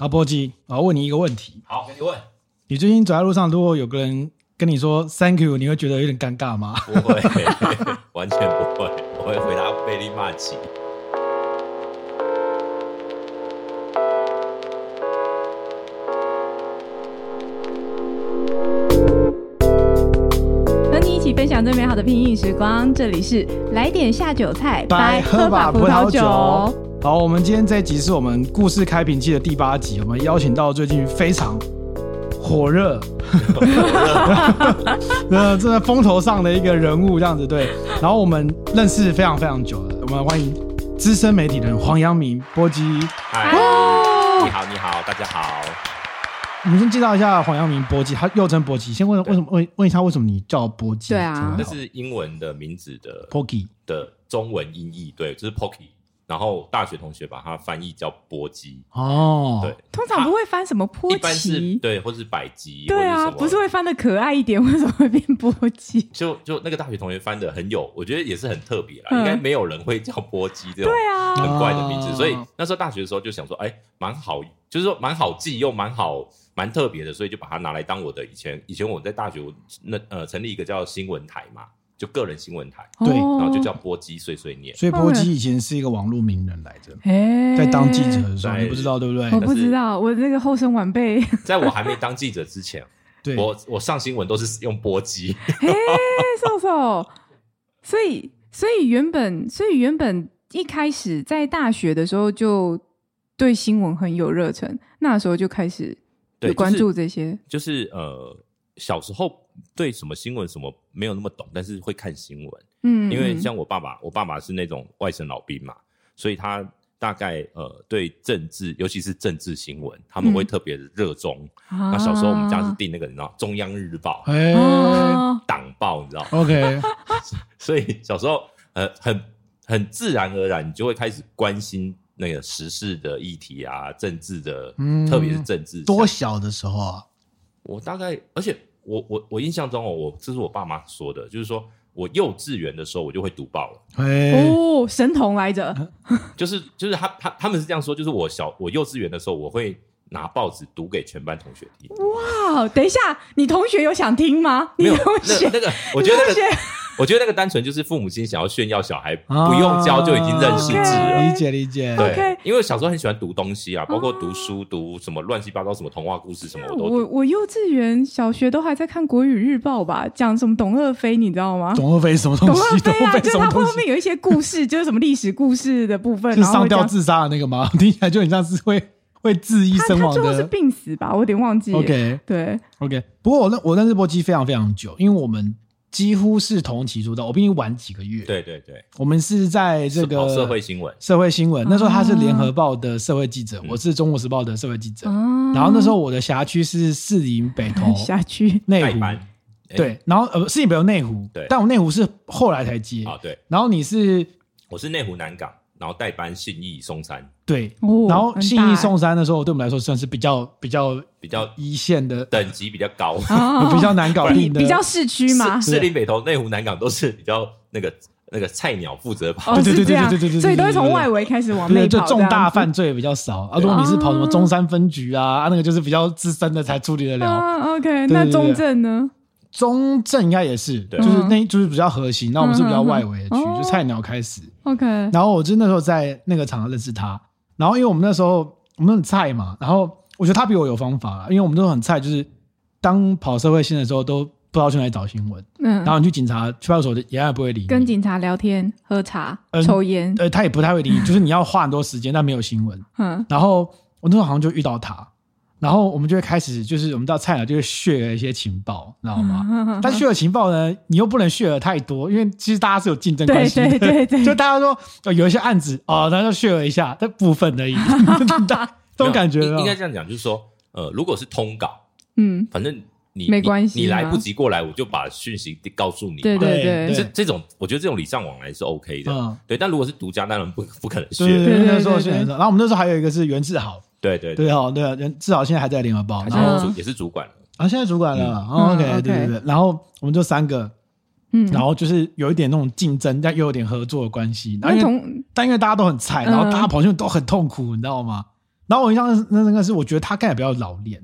阿剝雞，我要問你一個問題。好，你問。你最近走在路上，如果有個人跟你說 “Thank you”，你會覺得有點尷尬嗎？不會， 完全不會。 我會回答貝利罵奇。和你一起分享最美好的品飲時光，這裡是來點下酒菜，拜白！白喝把葡萄酒。好，我們今天這一集是我們故事開瓶器的第八集。我們邀請到最近非常火熱，呃熱，這在 風頭上的一個人物，這樣子對。然後我們認識非常非常久了，我們歡迎資深媒體人黃揚明剝雞。嗨，Hi, oh! 你好，你好，大家好。我們先介紹一下黃揚明剝雞，他又稱剝雞。先問為什麼問對問一下為什麼你叫剝雞？對啊，那是英文的名字的，Pocky ogi 的中文音譯，對，就是 Pocky。然後大學同學把它翻譯叫剝雞哦，對，通常不會翻什麼剝雞，一般是，對，或是百姬，對啊，不是會翻的可愛一點，為什麼會變剝雞？就就那個大學同學翻的很有，我覺得也是很特別啦，嗯、應該沒有人會叫剝雞這種對啊很怪的名字，啊、所以那時候大學的時候就想說，哎、欸，蠻好，就是說蠻好記又蠻好蠻特別的，所以就把它拿來當我的以前以前我在大學那呃成立一個叫新聞台嘛。就個人新聞台對，然後就叫剝雞碎碎念，所以剝雞以前是一個網絡名人來着，oh, right. 在當記者的時候，對你不知道對不對？我不知道，我那個後生晚輩，在我還沒當記者之前， 對我我上新聞都是用剝雞。哎，叔叔。所以所以原本所以原本一開始在大學的時候就對新聞很有熱忱，那時候就開始就關注這些，就是、就是、呃小時候。對什麼新聞什麼沒有那麼懂，但是會看新聞。嗯，因為像我爸爸，我爸爸是那種外省老兵嘛，所以他大概呃，對政治，尤其是政治新聞，他們會特別熱衷。嗯、那小時候我們家是訂那個你知道《中央日報》哎、啊，啊、黨報你知道？OK，、啊、所以小時候、呃、很很自然而然，你就會開始關心那個時事的議題啊，政治的，嗯、特別是政治。多小的時候啊？我大概，而且。我我我印象中哦，我這是我爸媽說的，就是說我幼稚園的時候我就會讀報了。嘿哦，神童來着 就是，就是就是他他他，他們是這樣說，就是我小我幼稚園的時候，我會拿報紙讀給全班同學聽。哇，等一下，你同學有想聽嗎？你同學，沒有，那，那個我覺得那個。 我覺得那個單純就是父母親想要炫耀小孩不用教就已經認識字了，理解理解。對，因為我小時候很喜歡讀東西啊，包括讀書、讀什麼亂七八糟、什麼童話故事什麼，我都我幼稚園、小學都還在看《國語日報》吧，講什麼董鄂妃，你知道嗎？董鄂妃什麼東西？董鄂妃什麼東西？後面有一些故事，就是什麼歷史故事的部分，就上吊自殺的那個嗎？聽起來就很像是會會自縊身亡的，他這個是病死吧？我有點忘記。OK，對，OK。不過我那我那日播機非常非常久，因為我們。幾乎是同期出道，我比你晚幾個月。對對對，我們是在這個社會新聞、哦，社會新聞。那時候他是聯合報的社會記者，嗯、我是中國時報的社會記者。嗯、然後那時候我的轄區是士林北投，轄區內湖。去對,欸、對，然後呃，士林北投內湖，對，但我內湖是後來才接。啊、哦，對。然後你是？我是內湖南港。然後代班信義松山，對，然後信義松山的時候，對我們來說算是比較比較比較一線的等級比較高，比較難搞定，比較市區嘛，士林北投內湖南港都是比較那個那個菜鳥負責跑，對對對對對，對所以都是從外圍開始往內跑的。就重大犯罪比較少，啊，如果你是跑什麼中山分局啊，啊，那個就是比較資深的才處理得了。OK，那中正呢？中正應該也是，就是那就是比較核心，那我們是比較外圍的區，就菜鳥開始。OK，然後我就那時候在那個場合認識他，然後因為我們那時候我們都很菜嘛，然後我覺得他比我有方法，因為我們都很菜，就是當跑社會線的時候都不知道去哪裡找新聞，嗯、然後你去警察派出所的也也不會理你，跟警察聊天、喝茶、呃、抽煙菸，呃，他也不太會理你，就是你要花很多時間， 但沒有新聞。嗯，然後我那時候好像就遇到他。然後我們就會開始，就是我們到菜鳥就會 share 一些情報，你知道嗎？但 share 了情報呢，你又不能 share 了太多，因為其實大家是有競爭關係的。對對對。就大家說，有一些案子哦，啊，那就 share 了一下，這部分而已，這種感覺。應該這樣講，就是說，呃，如果是通稿，嗯，反正你沒關係，你來不及過來，我就把訊息告訴你。對對對，這這種，我覺得這種禮尚往來是 OK 的。對，但如果是獨家，當然不不可能 share。對對對，說然後我們那時候還有一個是袁志豪。對對對,對哦，對哦，人至少現在還在聯合報，然後主也是主管了，啊，現在主管了、嗯哦、，OK，, okay. 對對對，然後我們就三個，嗯，然後就是有一點那種競爭，但又有點合作的關係，因同但因為大家都很菜，然後大家跑進都很痛苦，嗯、你知道嗎？然後我印象那那個是，我覺得他幹的比較老練，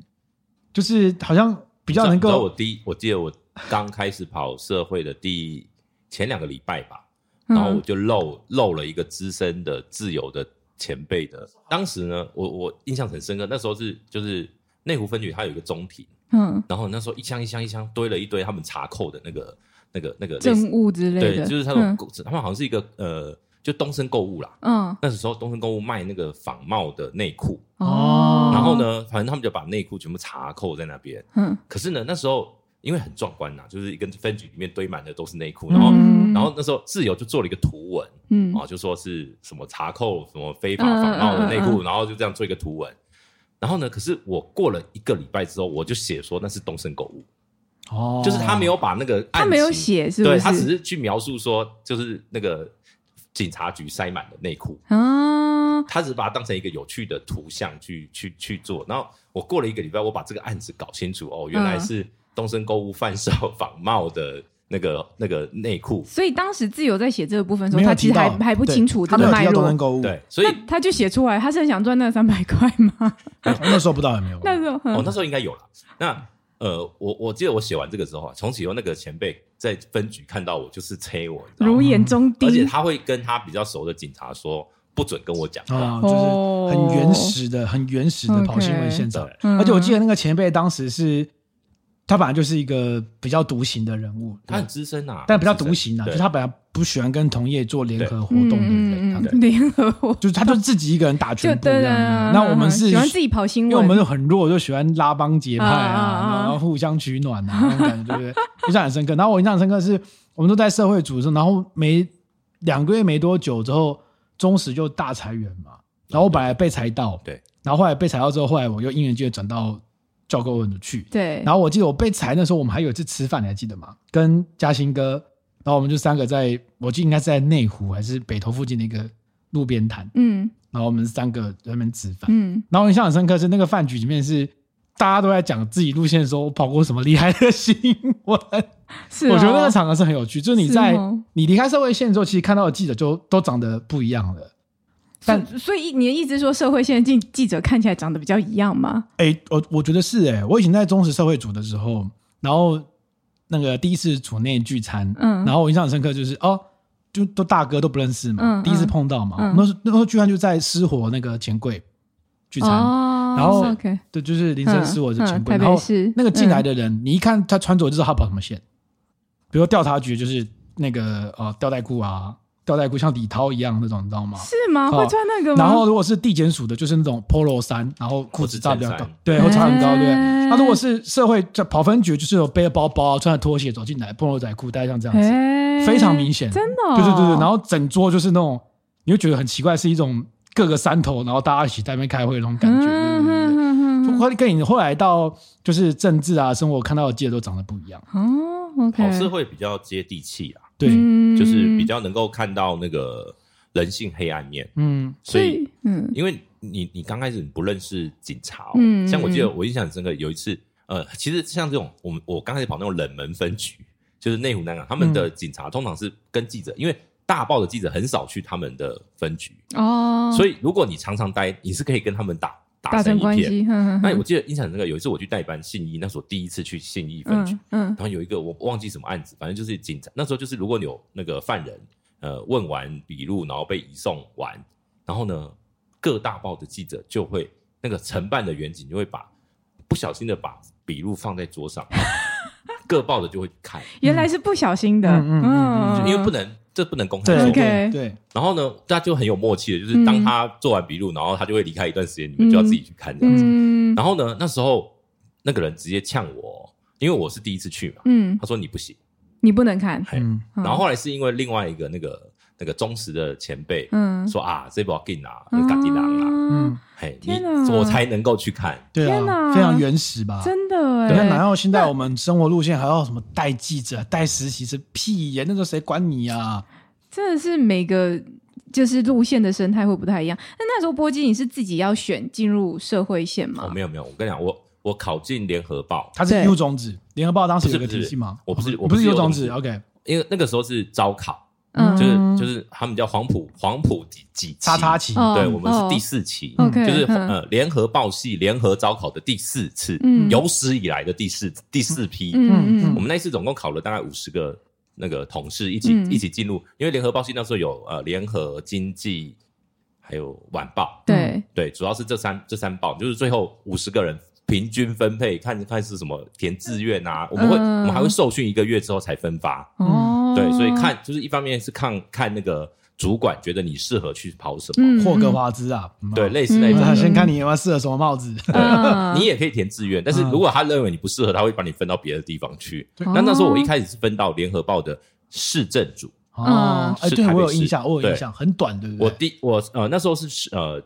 就是好像比較能夠。我第一我記得我剛開始跑社會的第 前兩個禮拜吧，然後我就漏漏了一個資深的自由的。前輩的，當時呢，我我印象很深刻，那時候是就是內湖分局，它有一個中庭，嗯，然後那時候一箱一箱一箱堆了一堆他們查扣的那個那個那個證物之類的，對，就是他們、嗯、他們好像是一個呃，就東森購物啦，嗯、哦，那時候東森購物賣那個仿冒的內褲哦，然後呢，反正他們就把內褲全部查扣在那邊，嗯，可是呢，那時候。因為很壯觀吶、啊，就是一個分局裡面堆滿的都是內褲，然後，嗯、然後那時候自由就做了一個圖文，嗯啊、就說是什麼查扣什麼非法仿冒的內褲，啊啊啊、然後就這樣做一個圖文。然後呢，可是我過了一個禮拜之後，我就寫說那是東森購物，哦，就是他沒有把那個案他沒有寫是不是，對，他只是去描述說就是那個警察局塞滿了內褲，啊、他只是把它當成一個有趣的圖像去去去做。然後我過了一個禮拜，我把這個案子搞清楚，哦，原來是、啊。東森購物販售仿冒的那個那個內褲，所以當時自由在寫這個部分的時候，他其實還還不清楚他的脈絡，東森購物。對，所以他就寫出來，他是很想賺那三百塊嗎？那時候不知道有沒有，那時候哦，那時候應該有了。那呃，我我記得我寫完這個之後，從此後那個前輩在分局看到我，就是催我，如眼中釘，他會跟他比較熟的警察說不准跟我講話，就是很原始的、很原始的跑新聞現場。而且我記得那個前輩當時是。他本來就是一個比較獨行的人物，他很資深啊，但比較獨行啊，就他本來不喜歡跟同業做聯合活動，對不對？聯合，就是他就自己一個人打群架，對，那我們是喜歡自己跑新聞，因為我們就很弱，就喜歡拉幫結派啊，然後互相取暖啊，那種感覺對不對？印象很深刻。然後我印象深刻是，我們都在社會組織，然後沒兩個月沒多久之後，中時就大裁員嘛，然後我本來被裁到，對，然後後來被裁到之後，後來我又因緣際會轉到。叫個人去，對。然後我記得我被裁那時候，我們還有一次吃飯，你還記得嗎？跟嘉興哥，然後我們就三個在，我記得應該是在內湖還是北投附近的一個路邊攤，嗯。然後我們三個在那邊吃飯，嗯。然後印象很深刻的是那個飯局裡面是大家都在講自己路線的時候，我跑過什麼厲害的新聞，是、哦。 我覺得那個場合是很有趣，就是你在是、哦、你離開社會線之後，其實看到的記者就都長得不一樣了。但所以你的意思是說，社會現在進記者看起來長得比較一樣嗎？哎、欸，我我覺得是哎、欸。我以前在中時社會組的時候，然後那個第一次組內聚餐，嗯、然後我印象很深刻，就是哦，就都大哥都不認識嘛，嗯、第一次碰到嘛。那時候那時候聚餐就在失火那個錢櫃聚餐，哦、然後、okay、對，就是林森失火的錢櫃。嗯、然後那個進來的人，嗯、你一看他穿着就知道他跑什麼線，比如說調查局就是那個呃吊帶褲啊。吊帶褲像李濤一樣那種，你知道嗎？是嗎？會穿那個嗎？然後如果是地檢署的，就是那種 polo 衫，然後褲子差比較高，對，會差很高，對。那、欸、如果是社會在跑分局，就是有背個包包，穿着拖鞋走進來，polo 仔褲，戴上這樣子，欸、非常明顯，真的、哦。對對對對，然後整桌就是那種，你會覺得很奇怪，是一種各個山頭，然後大家一起在那邊開會那種感覺，嗯、對對對。就跟你後來到就是政治啊，生活看到的記者都長得不一樣哦、嗯。OK，跑社會比較接地氣啊。對，嗯、就是比較能夠看到那個人性黑暗面。嗯，所以，嗯，因為你你剛開始你不認識警察、哦，嗯，像我記得我印象很深刻，有一次，嗯、呃，其實像這種我們我剛開始跑那種冷門分局，就是內湖、南港他們的警察通常是跟記者，嗯、因為大報的記者很少去他們的分局哦，所以如果你常常待，你是可以跟他們打。大整關係。那、啊、我記得印象那個有一次我去代班信義，那時候我第一次去信義分局，嗯嗯、然後有一個我忘記什麼案子，反正就是警察，那時候就是如果你有那個犯人呃問完筆錄然後被移送完，然後呢各大報的記者就會那個承辦的員警就會把不小心的把筆錄放在桌上， 各報的就會看， 嗯、原來是不小心的，嗯,嗯,嗯,嗯，嗯嗯嗯因為不能。這不能公開討論。對，說 okay，然後呢，大家就很有默契的，就是當他做完筆錄，嗯、然後他就會離開一段時間，你們就要自己去看、嗯、這樣子。然後呢，那時候那個人直接嗆我，因為我是第一次去嘛，嗯，他說你不行，你不能看。嘿嗯，然後後來是因為另外一個那個。那個忠實的前輩，嗯，說啊，這波給哪？有趕緊郎啦，嗯，嘿，你我才能夠去看，對啊，非常原始吧，真的。等下，然後現在我們生活路線還要什麼帶記者、帶實習生，屁呀，那時候誰管你啊？真的是每個就是路線的生態會不太一樣。那那時候剝雞你是自己要選進入社會線嗎？哦，沒有沒有，我跟你講，我我考進聯合報，它是 U 種子，聯合報當時是個體系嗎？我不是我不是 U 種子，OK，因為那個時候是招考。就是就是他們叫黃埔黃埔幾幾期？叉叉期。對，我們是第四期，就是呃聯合報系聯合招考的第四次，有史以來的第四第四批。嗯，我們那次總共考了大概五十個那個同事一起一起進入，因為聯合報系那時候有呃聯合經濟還有晚報，對對，主要是這三這三報，就是最後五十個人平均分配，看看是什麼填志願啊？我們會我們還會受訓一個月之後才分發。對，所以看就是一方面是看看那個主管覺得你適合去跑什麼霍格華茲啊，嗯嗯、對，嗯、類似類似，先看你有沒有適合什麼帽子。對，嗯、你也可以填志願，嗯、但是如果他認為你不適合，他會把你分到別的地方去。對那那時候我一開始是分到聯合報的市政組，哦、嗯，對，我有印象，我有印象，對很短，對不對？我第我呃那時候是呃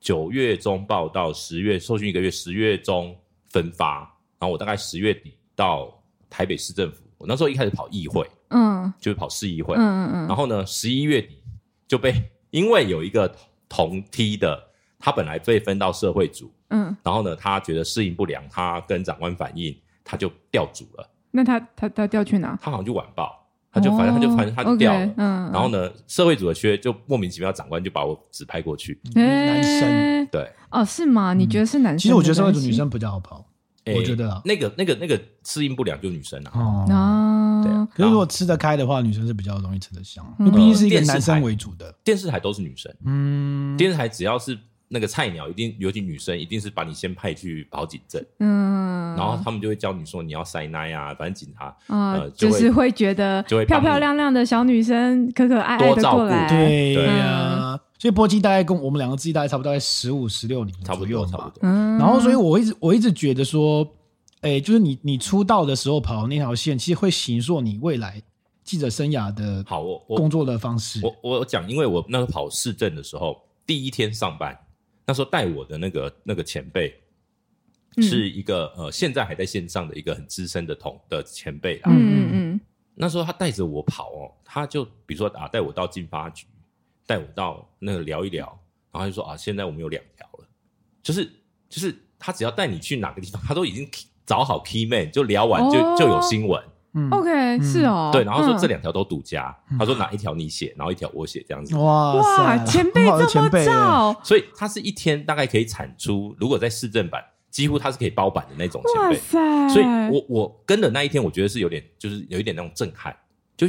九月中報到，十月受訓一個月，十月中分發，然後我大概十月底到台北市政府。我那時候一開始跑議會。嗯，就是跑市議會，嗯嗯嗯。然後呢，十一月底就被，因為有一個同梯的，他本來被分到社會組，嗯。然後呢，他覺得適應不良，他跟長官反映，他就調組了。那他他他調去哪？他好像就晚報，他就反正他就反正他調了。嗯。然後呢，社會組的缺就莫名其妙，長官就把我指派過去。男生對哦，是嗎？你覺得是男生？其實我覺得社會組女生比較好跑。我覺得那個那個那個適應不良就是女生啊。哦。可是，如果吃得開的話，女生是比較容易吃得香。因為畢竟是以男生為主的電視台，都是女生。嗯，電視台只要是那個菜鳥，一定尤其女生，一定是把你先派去跑警政。嗯，然後他們就會教你說你要塞奶啊，反正警察，呃，就是會覺得，就會漂漂亮亮的小女生可可愛愛多照顧。對對呀，所以剝雞大概跟我們兩個自己大概差不多，在十五十六年，差不多差不多。嗯，然後所以我一直我一直覺得說。哎、欸，就是你，你出道的時候跑那條線，其實會形塑你未來記者生涯的好工作的方式。我我講，因為我那時候跑市政的時候，第一天上班，那時候帶我的那個那個前輩，是一個、嗯、呃，現在還在線上的一個很資深的同的前輩。嗯嗯嗯。那時候他帶着我跑哦、喔，他就比如說啊，帶我到進發局，帶我到那個聊一聊，然後他就說啊，現在我們有兩條了，就是就是他只要帶你去哪個地方，他都已經。找好 P man，就聊完、oh, 就就有新聞。OK，、嗯、是哦。對，然後說這兩條都獨家。嗯、他說哪一條你寫，然後一條我寫這樣子。哇塞，哇塞前輩這麼造，所以他是一天大概可以產出。如果在市政版，嗯、幾乎他是可以包版的那種前輩。塞所以我，我我跟的那一天，我覺得是有點，就是有一點那種震撼。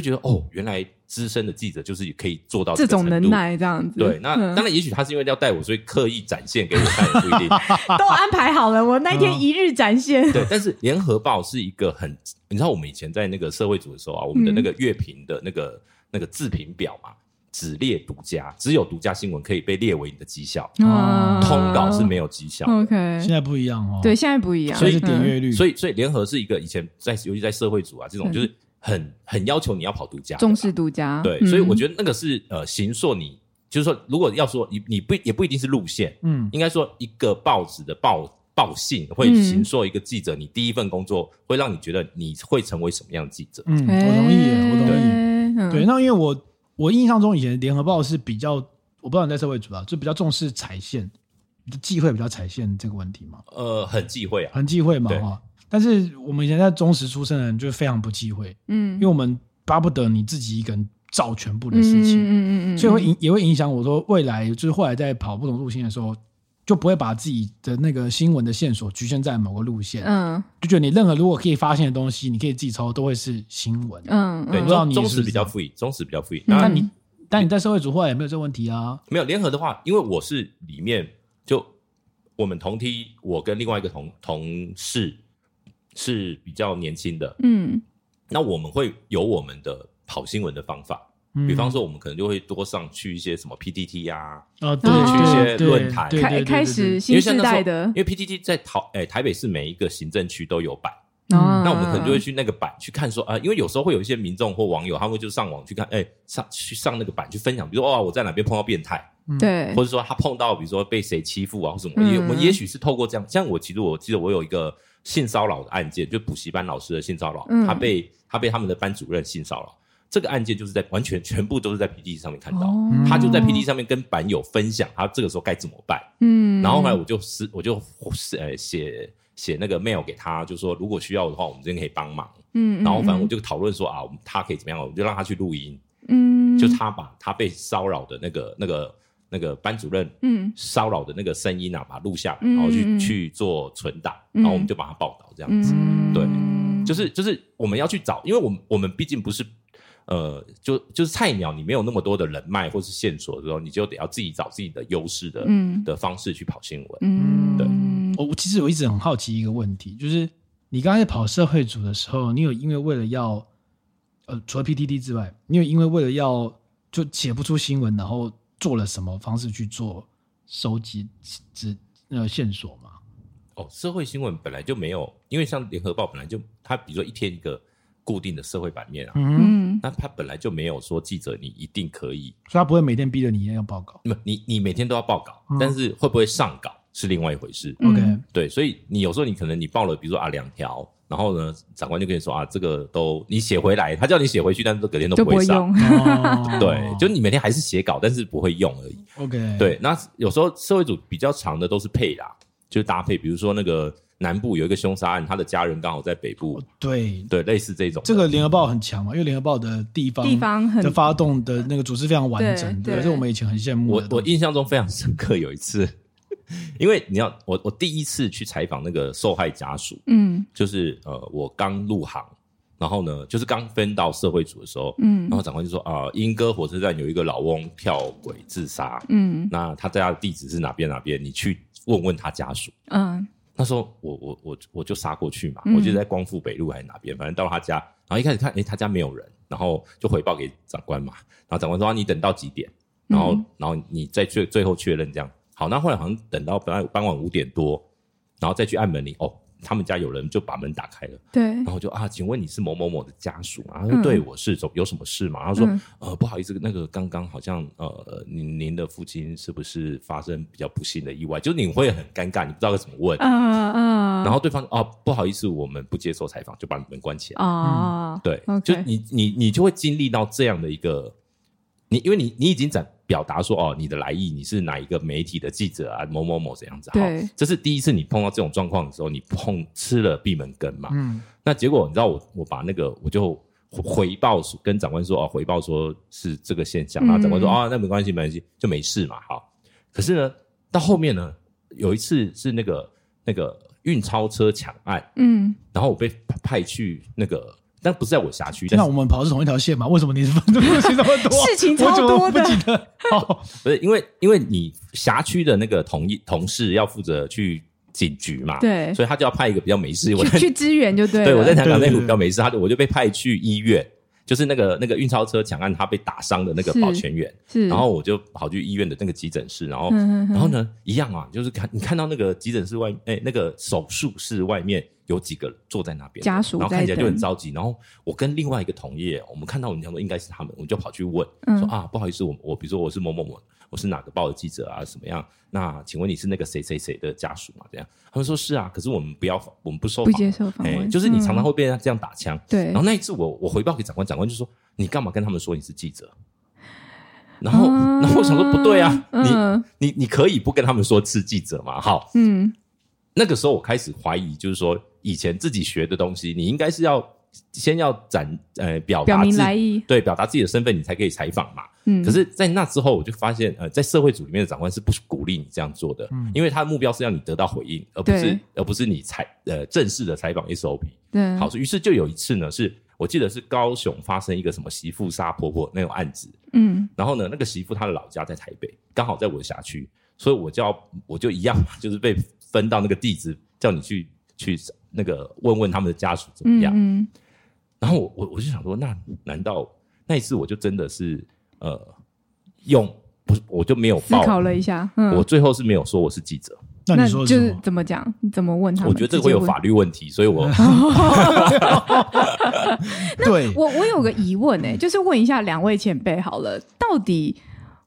就覺得哦，原來資深的記者就是也可以做到這種能耐這樣子。對，那當然，也許他是因為要帶我，所以刻意展現給我看也不一定。都安排好了，我那天一日展現。對，但是聯合報是一個很，你知道我們以前在那個社會組的時候啊，我們的那個月評的那個那個自評表嘛，只列獨家，只有獨家新聞可以被列為你的績效。哦。通稿是沒有績效。OK，現在不一樣哦。對，現在不一樣，所以是點閱率，所以所以聯合是一個以前在，尤其在社會組啊，這種就是。很很要求你要跑獨家，重視獨家，對，嗯、所以我覺得那個是呃，形塑你就是說，如果要說你你不也不一定是路線，嗯，應該說一個報紙的報報信會形塑一個記者，嗯、你第一份工作會讓你覺得你會成為什麼樣的記者？嗯，我同意，我同意。對，嗯、對，那因為我我印象中以前聯合報是比較，我不知道你在社會主啊，就比較重視踩線，忌諱比較踩線這個問題嘛。呃，很忌諱啊，很忌諱嘛，哈。但是我們以前在中時出生的人就非常不忌諱，嗯，因為我們巴不得你自己一個人照全部的事情，嗯嗯嗯，嗯嗯，所以會影也會影響我說未來就是後來在跑不同路線的時候，就不會把自己的那個新聞的線索局限在某個路線，嗯，就覺得你任何如果可以發現的東西，你可以自己抄都會是新聞，嗯，對，不知道你中時比較富裕，中時比較富裕，那你、嗯、但你在社會組後來也沒有這個問題啊，嗯嗯、沒有聯合的話，因為我是裡面就我們同梯，我跟另外一個同同事。是比較年輕的，嗯，那我們會有我們的跑新聞的方法，嗯、比方說我們可能就會多上去一些什麼 PTT 啊，啊，對，去一些論壇，開開始新時代的因為現在，因為 PTT 在台，哎、欸，台北市每一個行政區都有板。嗯嗯、那我們可能就會去那個版去看說，說、呃、啊，因為有時候會有一些民眾或網友，他們就上網去看，哎、欸，上去上那個版去分享，比如說我在哪邊碰到變態，對、嗯，或者說他碰到比如說被誰欺負啊，或什麼，嗯、也我也許是透過這樣，像我其實我記得我有一個性騷擾的案件，就補習班老師的性騷擾，嗯、他被他被他們的班主任性騷擾，這個案件就是在完全全部都是在 P D 上面看到，哦、他就在 P D 上面跟版友分享，他這個時候該怎麼辦，嗯，然後後來我就是我就呃寫。寫那個 mail 給他，就說如果需要的話，我們這邊可以幫忙。嗯、然後反正我就討論說啊，他可以怎麼樣？我就讓他去錄音。嗯、就他把他被騷擾的那個、那個、那個班主任騷擾的那個聲音啊，把它錄下來、嗯、然後去、嗯、去做存檔，嗯、然後我們就把他報道這樣子。嗯、對，就是就是我們要去找，因為我們我們畢竟不是呃，就就是菜鳥，你沒有那麼多的人脈或是線索的時候，你就得要自己找自己的優勢的、嗯、的方式去跑新聞。嗯、對。我其實我一直很好奇一個問題，就是你剛才跑社會組的時候，你有因為為了要，呃，除了 PTT 之外，你有因為為了要就寫不出新聞，然後做了什麼方式去做收集那個、呃、線索嗎？哦，社會新聞本來就沒有，因為像聯合報本來就它，比如說一天一個固定的社會版面啊，嗯,嗯，那它本來就沒有說記者你一定可以，所以他不會每天逼着你一定要報稿，你你每天都要報稿，嗯、但是會不會上稿？是另外一回事，OK，對，所以你有時候你可能你報了，比如說啊兩條，然後呢，長官就跟你說啊這個都你寫回來，他叫你寫回去，但是都隔天都不會上。不 對，就你每天還是寫稿，但是不會用而已，OK，對，那有時候社會組比較長的都是配啦，就是搭配，比如說那個南部有一個兇殺案，他的家人剛好在北部，對對，對對類似這種，這個聯合報很強嘛，啊，因為聯合報的地方地方在發動的那個組織非常完整，對，是我們以前很羨慕對，我我印象中非常深刻有一次。 因為你要我，我第一次去採訪那個受害家屬，嗯，就是呃，我剛入行，然後呢，就是剛分到社會組的時候，嗯，然後長官就說啊，鶯歌火車站有一個老翁跳軌自殺，嗯，那他家的地址是哪邊哪邊？你去問問他家屬，嗯，他說我我我我就殺過去嘛，嗯、我就在光復北路還是哪邊，反正到他家，然後一開始看，哎、欸，他家沒有人，然後就回報給長官嘛，然後長官說你等到幾點，然後、嗯、然後你再最，最後確認這樣。好，那後來好像等到本來傍晚五點多，然後再去按門鈴哦，他們家有人就把門打開了。對，然後就啊，請問你是某某某的家屬嗎？他說：“嗯、對，我是有什麼事嘛？”他說：“嗯、呃，不好意思，那個剛剛好像呃，您您的父親是不是發生比較不幸的意外？就你會很尷尬，你不知道該怎麼問啊啊！啊然後對方哦、啊，不好意思，我們不接受採訪，就把門關起來啊、嗯。對，Okay. 就你你你就會經歷到這樣的一個，你因為你你已經展。表達說哦，你的來意，你是哪一個媒體的記者啊？某某某怎樣子？好對，這是第一次你碰到這種狀況的時候，你碰吃了閉門羹嘛？嗯，那結果你知道我我把那個我就回報跟長官說哦，回報說是這個現象啊，長官說、嗯、啊，那沒關係沒關係，就沒事嘛，好。可是呢，到後面呢，有一次是那個那個運鈔車搶案，嗯，然後我被派去那個。但不是在我轄區。那我們跑的是同一條線嘛，為什麼你是事情這麼多？ 事情超多的。哦，不是，因為因為你轄區的那個同一同事要負責去警局嘛，對，所以他就要派一個比較沒事，我去支援就對。對我在台灣那邊比較沒事，對對對，他就我就被派去醫院。就是那個那個運鈔車搶案，他被打傷的那個保全員，是，是，然後我就跑去醫院的那個急診室，然後，呵呵呵，然後呢，一樣啊，就是看你看到那個急診室外，哎、欸，那個手術室外面有幾個坐在那邊家屬，然後看起來就很着急，然後我跟另外一個同業，我們看到我們想說應該是他們，我們就跑去問，嗯、說啊，不好意思，我我比如說我是某某某。我是哪個報的記者啊？什麼樣？那請問你是那個誰誰誰的家屬嘛？這樣，他們說是啊，可是我們不要，我們不受不接受訪問，欸嗯、就是你常常會被他這樣打槍。對，然後那一次我我回報給長官，長官就說，你幹嘛跟他們說你是記者？然後、嗯、然後我想說不對啊，嗯、你你你可以不跟他們說是記者嘛？好，嗯，那個時候我開始懷疑，就是說以前自己學的東西，你應該是要。先要展呃，表達，表達來意，對，表達自己的身份，你才可以採訪嘛。嗯，可是，在那之後，我就發現，呃，在社會組裡面的長官是不鼓勵你這樣做的，嗯，因為他的目標是要你得到回應，而不是，對而不是你採呃正式的採訪 SOP。對，好，於是就有一次呢，是我記得是高雄發生一個什麼媳婦殺婆婆那種案子，嗯，然後呢，那個媳婦她的老家在台北，剛好在我的轄區，所以我就要，我就一樣，就是被分到那個地址，叫你去去那個問問他們的家屬怎麼樣。嗯，嗯。然後我我，我就想說，那難道那一次我就真的是呃，用不，我就沒有思考了一下，嗯、我最後是沒有說我是記者。那你說那就是怎麼講？怎麼問他們？我覺得這個會有法律問題，所以我。那對我我有個疑問呢、欸，就是問一下兩位前輩好了，到底。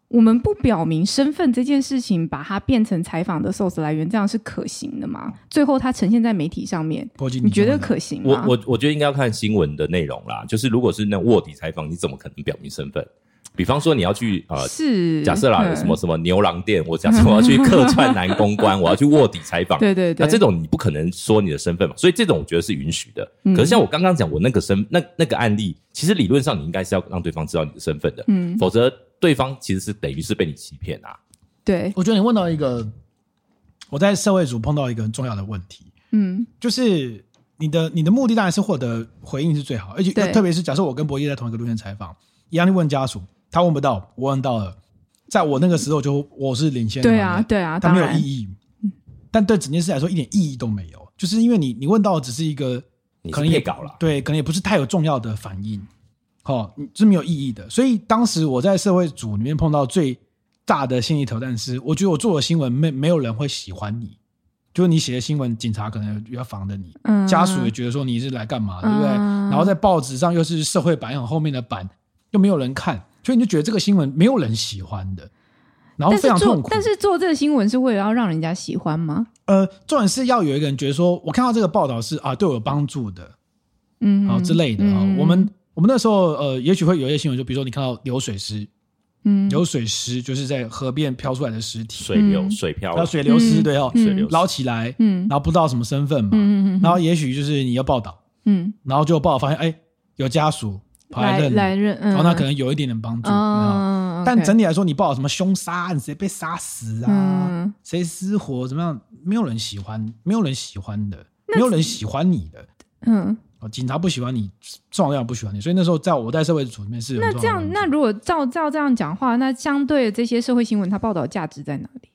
我們不表明身份這件事情，把它變成採訪的 source 來源，這樣是可行的嗎？最後它呈現在媒體上面，剝雞，你覺得可行嗎？我我我覺得應該要看新聞的內容啦，就是如果是那臥底採訪，你怎麼可能表明身份？比方說，你要去啊，呃、是假設啦，嗯、什麼什麼牛郎店，我假設我要去客串男公關， 我要去臥底採訪，對對對，那這種你不可能說你的身份嘛，所以這種我覺得是允許的。嗯、可是像我剛剛講，我那個身那那個案例，其實理論上你應該是要讓對方知道你的身份的，嗯、否則對方其實是等於是被你欺騙啊。對，我覺得你問到一個，我在社會組碰到一個很重要的問題，嗯，就是你的你的目的當然是獲得回應是最好，而且特別是假設我跟柏惟在同一個路線採訪，一樣去問家屬。他問不到，我問到了，在我那個時候就我是領先，的、嗯。對啊，對啊，他沒有意義，嗯、但對整件事來說一點意義都沒有，就是因為你你問到的只是一個，可能也搞了，對，可能也不是太有重要的反應，哦，這是沒有意義的。所以當時我在社會組裡面碰到最大的心理挑戰是，我覺得我做的新聞沒沒有人會喜歡你，就是你寫的新聞，警察可能要防着你，嗯、家屬也覺得說你是來幹嘛的，嗯、對不對？然後在報紙上又是社會版，後面的版又沒有人看。所以你就覺得這個新聞沒有人喜歡的，然後非常痛苦。但是，但是做這個新聞是為了要讓人家喜歡嗎？呃，重點是要有一個人覺得說，我看到這個報道是啊對我有幫助的，嗯，啊、哦、之類的、哦。嗯、我們我們那時候呃，也許會有一些新聞，就比如說你看到流水屍，嗯，流水屍就是在河邊漂出來的屍體，水流、水漂、水流屍，對哦、嗯，水流撈起來，嗯，然後不知道什麼身份嘛，嗯嗯，嗯嗯然後也許就是你要報道，嗯，然後就報道發現，哎，有家屬。來的，來來嗯、然後他可能有一點點幫助，嗯嗯、但整體來說，嗯、你報什麼兇殺案，誰被殺死啊，嗯、誰失火怎麼樣，沒有人喜歡，沒有人喜歡的，是沒有人喜歡你的，嗯，警察不喜歡你，重要不喜歡你，所以那時候在我在社會組裡面是有那這樣，那如果照照這樣講話，那相對這些社會新聞，它報道價值在哪裡？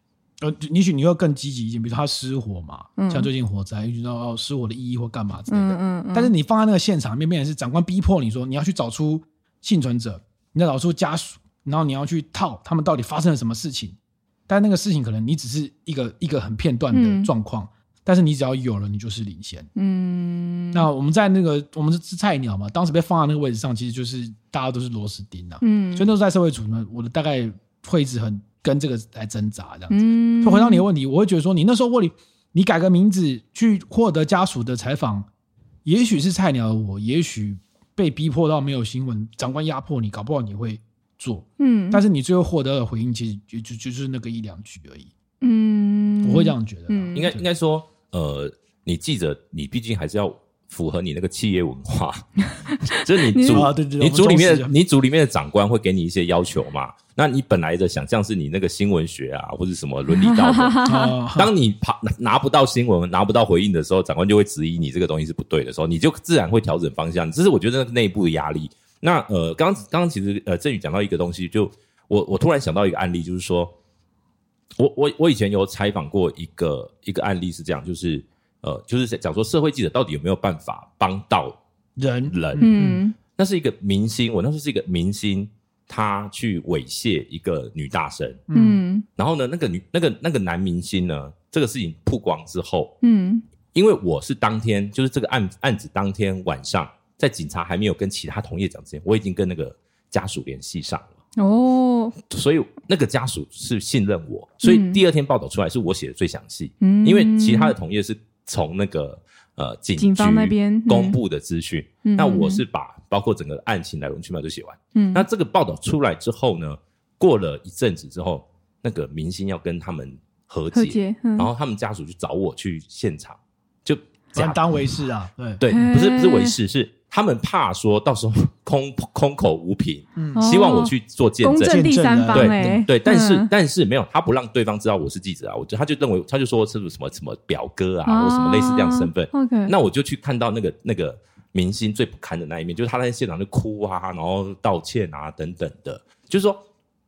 呃，也許你會更積極一些，比如說他失火嘛，嗯、像最近火災，你知道要失火的意義或幹嘛之類的。嗯嗯嗯、但是你放在那個現場面，面是長官逼迫你說，你要去找出幸存者，你要找出家屬，然後你要去套他們到底發生了什麼事情。但那個事情可能你只是一個一個很片段的狀況，嗯、但是你只要有了，你就是領先。嗯。那我們在那個我們是吃菜鳥嘛，當時被放在那個位置上，其實就是大家都是螺絲釘啊。嗯。所以那時候在社會組呢，我的大概配置很。跟這個來掙扎這樣子。就、嗯、回到你的問題，我會覺得說，你那時候你你改個名字去獲得家屬的採訪，也許是菜鳥我，也許被逼迫到沒有新聞，長官壓迫你，搞不好你會做。嗯，但是你最後獲得的回應，其實也就就是、就是那個一兩句而已。嗯，我會這樣覺得。應該應該說，呃，你記者，你畢竟還是要符合你那個企業文化， 就是你組，你，是你組裡面，你組裡面的長官會給你一些要求嘛？那你本來的想象是你那個新聞學啊，或者什麼倫理道德。 當你拿拿不到新聞，拿不到回應的時候，長官就會質疑你這個東西是不對的時候，你就自然會調整方向。這是我覺得那個內部的壓力。那呃，剛剛剛其實呃，鄭宇講到一個東西，就我我突然想到一個案例，就是說我我我以前有採訪過一個一個案例是這樣，就是。呃，就是講說社會記者到底有沒有辦法幫到人？人，嗯，那是一個明星，我那時候是一個明星，他去猥褻一個女大生，嗯，然後呢，那個女、那個、那個男明星呢，這個事情曝光之後，嗯，因為我是當天，就是這個案案子當天晚上，在警察還沒有跟其他同業講之前，我已經跟那個家屬聯繫上了，哦，所以那個家屬是信任我，所以第二天報道出來是我寫的最詳細，嗯，因為其他的同業是。從那個呃，警方那邊公布的資訊，那，嗯、那我是把包括整個案情來龍去脈都寫完。嗯，那這個報道出來之後呢，嗯、過了一陣子之後，那個明星要跟他們和解，和解嗯、然後他們家屬去找我去現場，就擔當維士啊，對、嗯、對，不是不是維士是。他們怕說到時候空空,空口無憑，嗯，希望我去做見證，見證啊。對，對、嗯。但是但是沒有，他不讓對方知道我是記者啊，我就他就認為他就說是什麼什麼表哥啊，啊或什麼類似這樣身份。OK。那我就去看到那個那個明星最不堪的那一面，就是他在現場就哭啊，然後道歉啊等等的，就是說。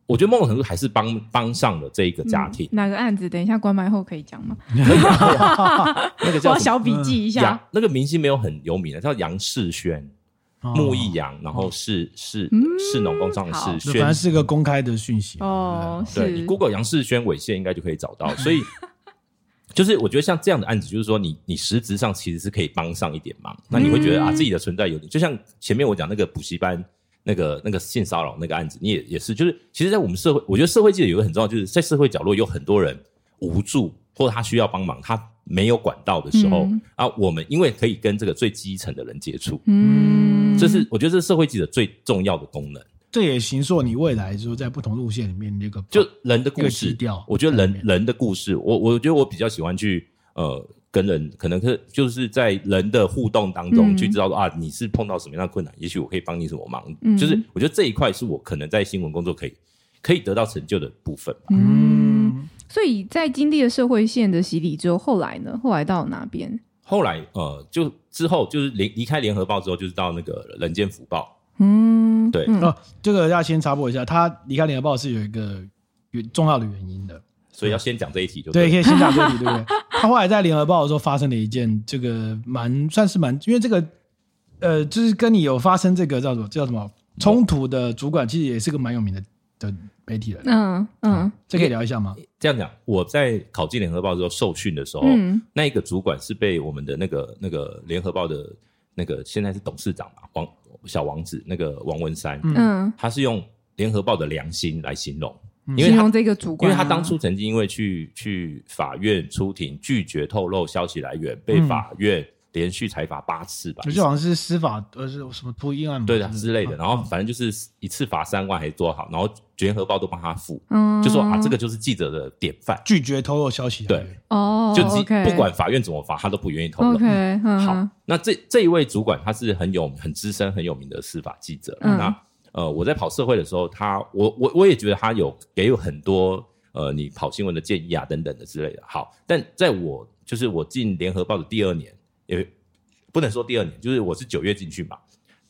我覺得孟成還是幫幫上了這一個家庭。哪個案子？等一下關麥後可以講嗎？那個叫什麼？做小筆記一下。那個明星沒有很有名的，叫楊世軒、木易楊，然後是是是農工商的，是原來是個公開的訊息哦。對你 Google 楊世軒猥褻，應該就可以找到。所以就是我覺得像這樣的案子，就是說你你實質上其實是可以幫上一點忙。那你會覺得啊，自己的存在有點，就像前面我講那個補習班。那個那個性騷擾那個案子，你也也是，就是其實，在我們社會，我覺得社會記者有個很重要，就是在社會角落有很多人無助，或者他需要幫忙，他沒有管道的時候、嗯、啊，我們因為可以跟這個最基層的人接觸，嗯，這是我覺得是社會記者最重要的功能。這也形塑你未來就是在不同路線裡面那個，就人的故事我覺得人人的故事，我覺、嗯、事我,我覺得我比較喜歡去呃。跟人可能是就是在人的互動當中去知道說、嗯、啊，你是碰到什麼樣的困難，也許我可以幫你什麼忙。嗯、就是我覺得這一塊是我可能在新聞工作可以可以得到成就的部分。嗯，所以在經歷了社會線的洗禮之後，後來呢？後來到哪邊？後來呃，就之後就是離離開聯合報之後，就是到那個人間福報。嗯，對那、嗯哦、這個要先插播一下，他離開聯合報是有一個原重要的原因的。所以要先講這一題就對、嗯，對，可以先講這一題，對不對？ 他後來在聯合報的時候發生了一件這個蠻算是蠻，因為這個呃，就是跟你有發生這個叫做叫什麼衝突的主管，我其實也是個蠻有名的的媒體人。嗯嗯，嗯，這可以聊一下嗎？這樣講，我在考進聯合報的時候受訓的時候，嗯、那一個主管是被我們的那個那個聯合報的那個現在是董事長嘛，王小王子，那個王文山，嗯，嗯他是用聯合報的良心來形容。因為他、啊、因為他當初曾經因為去去法院出庭拒絕透露消息來源，被法院連續裁罰八次吧，就好像是司法呃什麼脫衣案對的之類的，然後反正就是一次罰三萬還是多少，然後《聯合報》都幫他付，就說啊這個就是記者的典範，拒絕透露消息對哦，oh, okay 就不管法院怎麼罰他都不願意透露。Okay, 呵呵好，那這這一位主管他是很有很資深很有名的司法記者，嗯、那。呃，我在跑社會的時候，他我我我也覺得他有給有很多呃，你跑新聞的建議啊等等的之類的。好，但在我就是我進聯合報的第二年，也不能說第二年，就是我是九月進去嘛，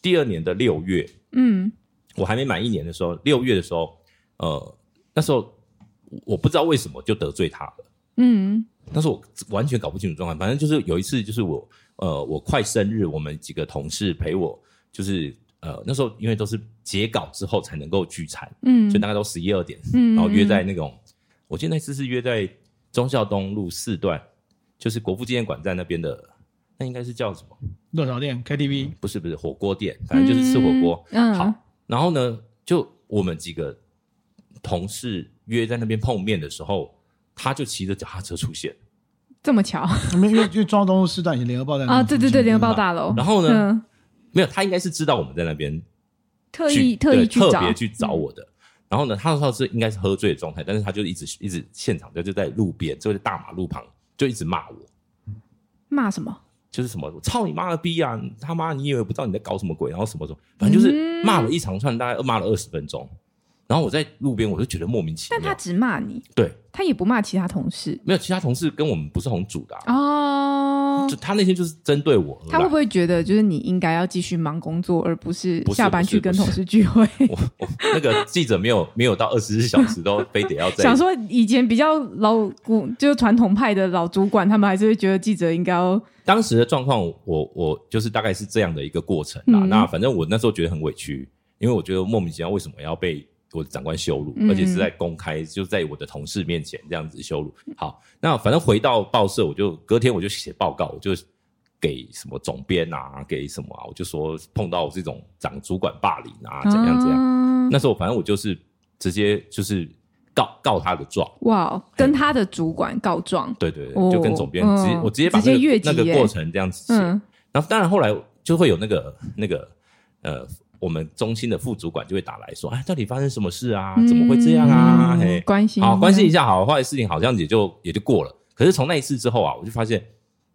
第二年的六月，嗯，我還沒滿一年的時候，六月的時候，呃，那時候我不知道為什麼就得罪他了，嗯，但是我完全搞不清楚狀況，反正就是有一次，就是我呃，我快生日，我們幾個同事陪我，就是。呃，那時候因為都是截稿之後才能夠聚餐，嗯，所以大概都十一二點，嗯，然後約在那種，我記得那次是約在忠孝東路四段，就是國父紀念館在那邊的，那應該是叫什麼？熱炒店 KTV？不是不是火鍋店，反正就是吃火鍋。嗯，好，然後呢，就我們幾個同事約在那邊碰面的時候，他就騎着腳踏車出現，這麼巧？因為因為忠孝東路四段以前聯合報在啊，對對對，聯合報大樓。然後呢？沒有，他應該是知道我們在那邊，特意對特意特別去找我的。嗯、然後呢，他說是應該是喝醉的狀態，但是他就一直一直現場就就在路邊，就在大馬路旁，就一直罵我。罵什麼？就是什麼，我操你媽的逼啊！他媽，你以為不知道你在搞什麼鬼？然後什麼什麼，反正就是罵了一長串，嗯、大概罵了二十分鐘。然後我在路邊，我就覺得莫名其妙。但他只罵你？對，他也不罵其他同事。沒有，其他同事跟我們不是同組的啊。哦就他那天就是針對我，他會不會覺得就是你應該要繼續忙工作，而不是下班去跟同事聚會？我，我那個記者沒有 沒有到二十四小時都非得要在。 想說以前比較老古，就是傳統派的老主管，他們還是會覺得記者應該要當時的狀況我。我我就是大概是這樣的一個過程啦。嗯、那反正我那時候覺得很委屈，因為我覺得莫名其妙為什麼要被。我的長官羞辱，而且是在公開，嗯、就在我的同事面前這樣子羞辱。好，那反正回到報社，我就隔天我就寫報告，我就給什麼總編啊，給什麼啊，我就說碰到這種長主管霸凌啊，怎樣怎樣。啊、那時候反正我就是直接就是告告他的狀，哇，跟他的主管告狀，欸、對，對對，哦、就跟總編直接，我直接把那個、欸、那個過程這樣子寫。然後，嗯、當然後來就會有那個那個呃。我們中心的副主管就會打來說：“哎，到底發生什麼事啊？怎麼會這樣啊？”嘿，關心好，關心一下，好壞事情好像也就也就過了。可是從那一次之後啊，我就發現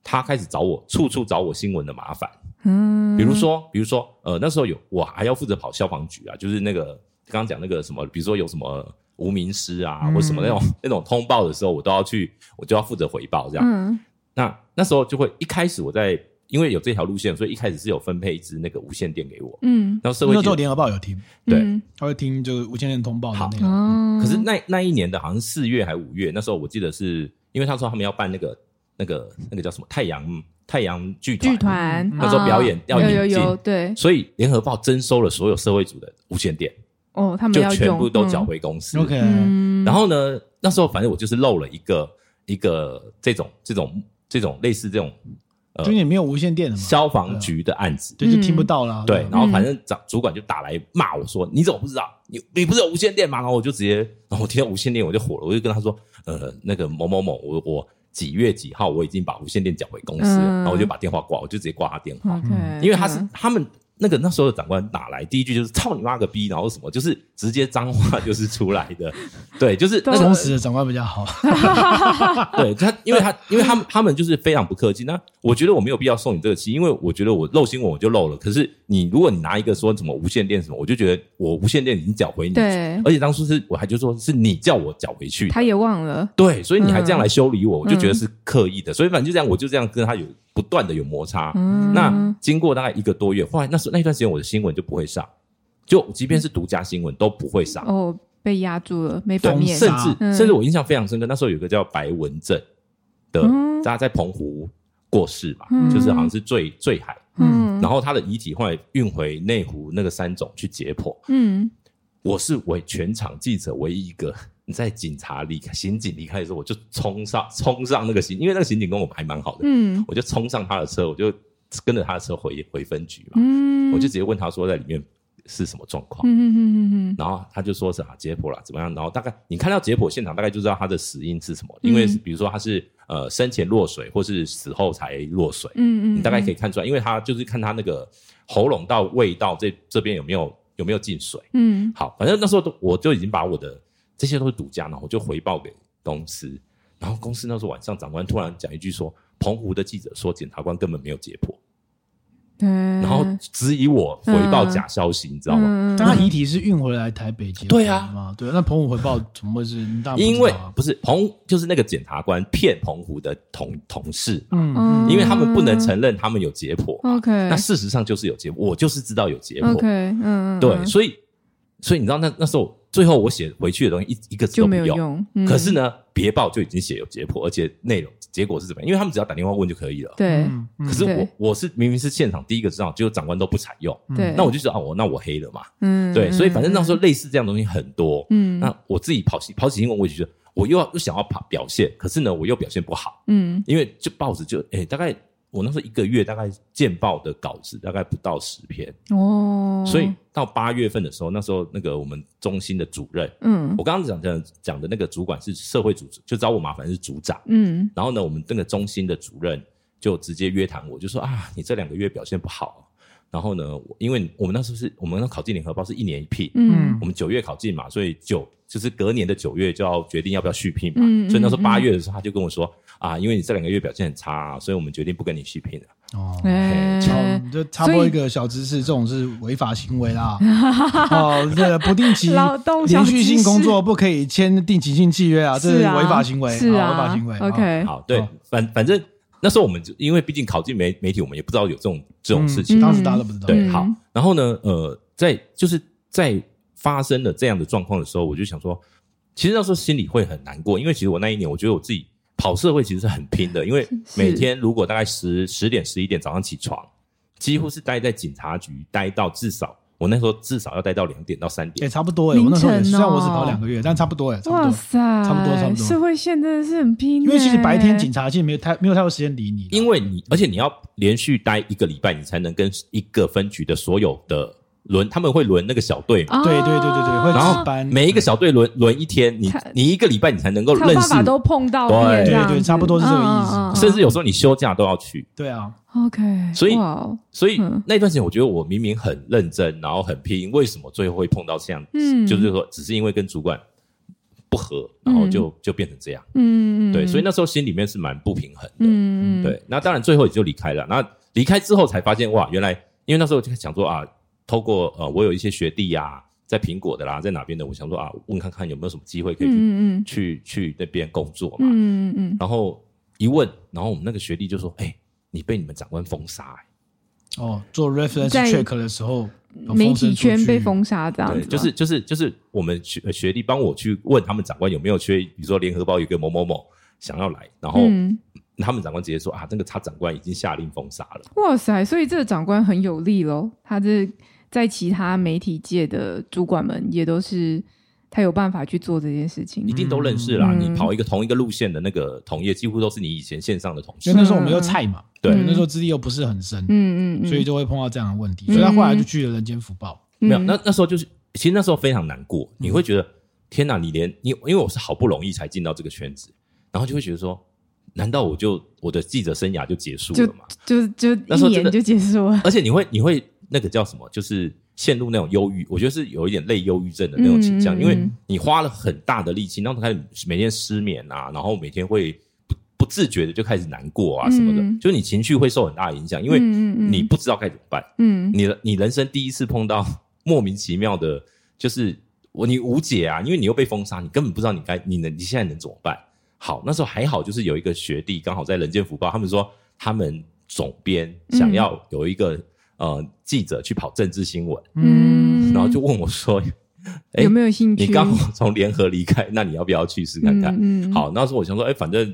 他開始找我，處處找我新聞的麻煩。嗯，比如說，比如說，呃，那時候有我還要負責跑消防局啊，就是那個剛剛講那個什麼，比如說有什麼無名屍啊，或、嗯、什麼那種那種通報的時候，我都要去，我就要負責回報這樣。嗯、那那時候就會一開始我在。因為有這條路線，所以一開始是有分配一支那個無線電給我。嗯，然後社會那時候聯合報有聽，對，他會聽就是無線電通報那種。可是那那一年的好像四月還是五月，那時候我記得是，因為他說他們要辦那個那個那個叫什麼太陽太陽劇團，他說表演要引進，對，所以聯合報徵收了所有社會組的無線電。哦，他們就全部都繳回公司。OK，然後呢，那時候反正我就是漏了一個一個這種這種這種類似這種。呃、就也沒有無線電的消防局的案子，呃、對，就聽不到啦。嗯、對，然後反正長主管就打來罵我說：“嗯、你怎麼不知道？你你不是有無線電嗎？”然後我就直接，然後我聽到無線電，我就火了，我就跟他說：“呃，那個某某某，我我幾月幾號我已經把無線電繳回公司了，嗯、然後我就把電話掛，我就直接掛他電話，嗯、因為他是、嗯、他們。”那個那時候的長官打來，第一句就是操你媽個逼，然後什麼就是直接髒話就是出來的， 對，就是那時候的長官比較好。 對他，因為他，因為他們，他們就是非常不客氣。那我覺得我沒有必要受你這個氣，因為我覺得我漏新聞我就漏了。可是你如果你拿一個說什麼無線電什麼，我就覺得我無線電已經繳回你。對。而且當初是我還就說是你叫我繳回去。他也忘了。對，所以你還這樣來修理我，嗯、我就覺得是刻意的。所以反正就這樣，我就這樣跟他有。不斷的有摩擦，嗯、那經過大概一個多月，後來那時那段時間我的新聞就不會上，就即便是獨家新聞都不會上，哦，被壓住了，沒版面。甚至、嗯、甚至我印象非常深刻，那時候有一個叫白文正的，他、嗯、在澎湖過世嘛，嗯、就是好像是墜墜海，嗯、然後他的遺體後來運回內湖那個三總去解剖，嗯、我是唯全場記者唯一一個。在警察離開，刑警離開的時候，我就衝上衝上那個刑，因為那個刑警跟我還蠻好的，嗯、我就衝上他的車，我就跟着他的車回回分局嘛，嗯、我就直接問他說在裡面是什麼狀況，嗯嗯嗯嗯、然後他就說什麼解剖了怎麼樣，然後大概你看到解剖現場，大概就知道他的死因是什麼，嗯、因為比如說他是呃生前落水或是死後才落水，嗯嗯嗯、你大概可以看出來，因為他就是看他那個喉嚨到胃到這這邊有沒有有沒有進水，嗯，好，反正那時候我就已經把我的。這些都是獨家，然後我就回報給公司，然後公司那時候晚上，長官突然講一句說：“澎湖的記者說，檢察官根本沒有解剖。”對，然後質疑我回報假消息，嗯、你知道嗎？那他遺體是運回來台北解剖的嘛？對，啊、對，那澎湖回報怎麼會是、 啊、因為不是澎，就是那個檢察官騙澎湖的同同事，嗯，嗯因為他們不能承認他們有解剖。OK，那事實上就是有解剖，我就是知道有解剖。OK，嗯，嗯，嗯，對，所以，所以你知道那那時候。最後我寫回去的東西一一個字都沒有用，嗯、可是呢，別報就已經寫有結破，而且內容結果是怎麼樣？因為他們只要打電話問就可以了。對，可是我、嗯、我是明明是現場第一個知道，結果長官都不採用。嗯、對，那我就知道啊，我那我黑了嘛。嗯，對，所以反正那時候類似這樣東西很多。嗯，那我自己跑起跑起英文我就覺得我又要又想要跑表現，可是呢，我又表現不好。嗯，因為這報紙就誒、欸、大概。我那時候一個月大概見報的稿子大概不到十篇哦，oh. 所以到八月份的時候，那時候那個我們中心的主任，嗯、mm.，我剛剛講講講的那個主管是社會組，就找我麻煩是組長，嗯，mm. 然後呢，我們那個中心的主任就直接約談我，就說啊，你這兩個月表現不好。然後呢，因為我們那時候是，我們那考進聯合報是一年一聘，嗯，我們九月考進嘛，所以九就是隔年的九月就要決定要不要續聘嘛，嗯，所以那時候八月的時候他就跟我說啊，因為你這兩個月表現很差，所以我們決定不跟你續聘了。哦，哎，就插播一個小知識，這種是違法行為啦。哦，這不定期勞動連續性工作不可以簽定期性契約啊，這是違法行為，是啊，違法行為。OK，好，對，反反正。那時候我們就因為畢竟考進媒媒體，我們也不知道有這種這種事情，當時大家都不知道。嗯、對，好，然後呢，呃，在就是在發生了這樣的狀況的時候，我就想說，其實那時候心裡會很難過，因為其實我那一年我覺得我自己跑社會其實是很拼的，因為每天如果大概十十點十一點早上起床，幾乎是待在警察局待到至少。我那時候至少要待到兩點到三點，哎、欸，差不多誒、欸。哦、我那時候雖然我只跑兩個月，但差不多哎，哇塞，差不多，社會線真的是很拼，欸，因為其實白天警察其實沒有太沒有太多時間理你，因為你而且你要連續待一個禮拜，你才能跟一個分局的所有的，嗯。輪他們會輪那個小隊，對對對對對，然後每一個小隊輪輪一天，你你一個禮拜你才能夠認識，都碰到，對對對，差不多是這個意思。甚至有時候你休假都要去，對啊，OK。所以所以那段時間我覺得我明明很認真，然後很拼，為什麼最後會碰到這樣？就是說只是因為跟主管不合，然後就就變成這樣。嗯對，所以那時候心裡面是蠻不平衡的。嗯，對。那當然最後也就離開了。那離開之後才發現，哇，原來因為那時候我就想說啊。透過呃，我有一些學弟啊，在蘋果的啦，在哪邊的，我想說啊，問看看有沒有什麼機會可以去、嗯嗯、去，去那邊工作嘛。嗯嗯然後一問，然後我們那個學弟就說：“哎、欸，你被你們長官封殺、欸。”哦，做 reference 在 check、er、的時候，媒體圈被封殺這樣。對，就是就是就是我們學學弟幫我去問他們長官有沒有缺，比如說聯合報一個某某某想要來，然後他們長官直接說：“嗯、啊，那個差長官已經下令封殺了。”哇塞，所以這個長官很有力嘍，他的。在其他媒體界的主管們也都是他有辦法去做這件事情，一定都認識啦。你跑一個同一個路線的那個同業，幾乎都是你以前線上的同事。因為那時候我們又菜嘛，對，那時候資歷又不是很深，嗯嗯，所以就會碰到這樣的問題。所以他後來就去了《人間福報》，沒有。那那時候就是，其實那時候非常難過。你會覺得，天哪，你連你因為我是好不容易才進到這個圈子，然後就會覺得說，難道我就我的記者生涯就結束了嗎？就就一年就結束了。而且你會你會。那個叫什麼？就是陷入那種憂鬱，我覺得是有一點類憂鬱症的那種傾向，嗯、因為你花了很大的力氣，然後開始每天失眠啊，然後每天會不，不自覺的就開始難過啊什麼的，嗯、就是你情緒會受很大的影響，因為你不知道該怎麼辦。嗯嗯、你你人生第一次碰到莫名其妙的，就是我你無解啊，因為你又被封殺，你根本不知道你該你能你現在能怎麼辦？好，那時候還好，就是有一個學弟剛好在《人間福報》，他們說他們總編想要有一個、嗯。呃、嗯，記者去跑政治新聞，嗯，然後就問我說：“欸、有沒有興趣？你剛好從聯合離開，那你要不要去試看看？”嗯嗯好，那時候我想說：“哎、欸，反正。”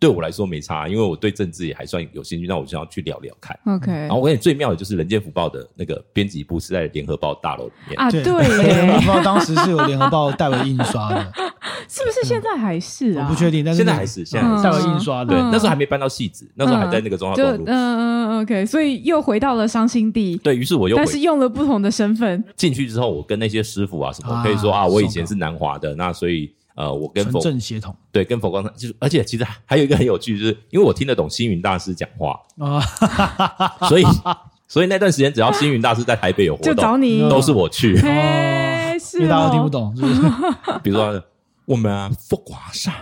對我來說沒差，因為我對政治也還算有興趣，那我就要去聊聊看。OK。然後我跟你最妙的就是《人間福報》的那個編輯部是在聯合報大樓裡面啊，對，聯合報當時是有聯合報代為印刷的，是不是現在還是啊？我不確定，但是現在還是現在代為印刷的。對，那時候還沒搬到汐止，那時候還在那個中央路。嗯嗯，OK。所以又回到了傷心地，對，於是我又，但是用了不同的身份進去之後，我跟那些師傅啊什麼可以說啊，我以前是南華的，那所以。呃，我跟佛協同，對，跟佛光山就是，而且其實還有一個很有趣，就是因為我聽得懂星雲大師講話啊，哦、 所以所以那段時間，只要星雲大師在台北有活動，就找你嗯、都是我去。是嘿，大家都聽不懂，是嗎是不是？不比如說我們、啊、佛光山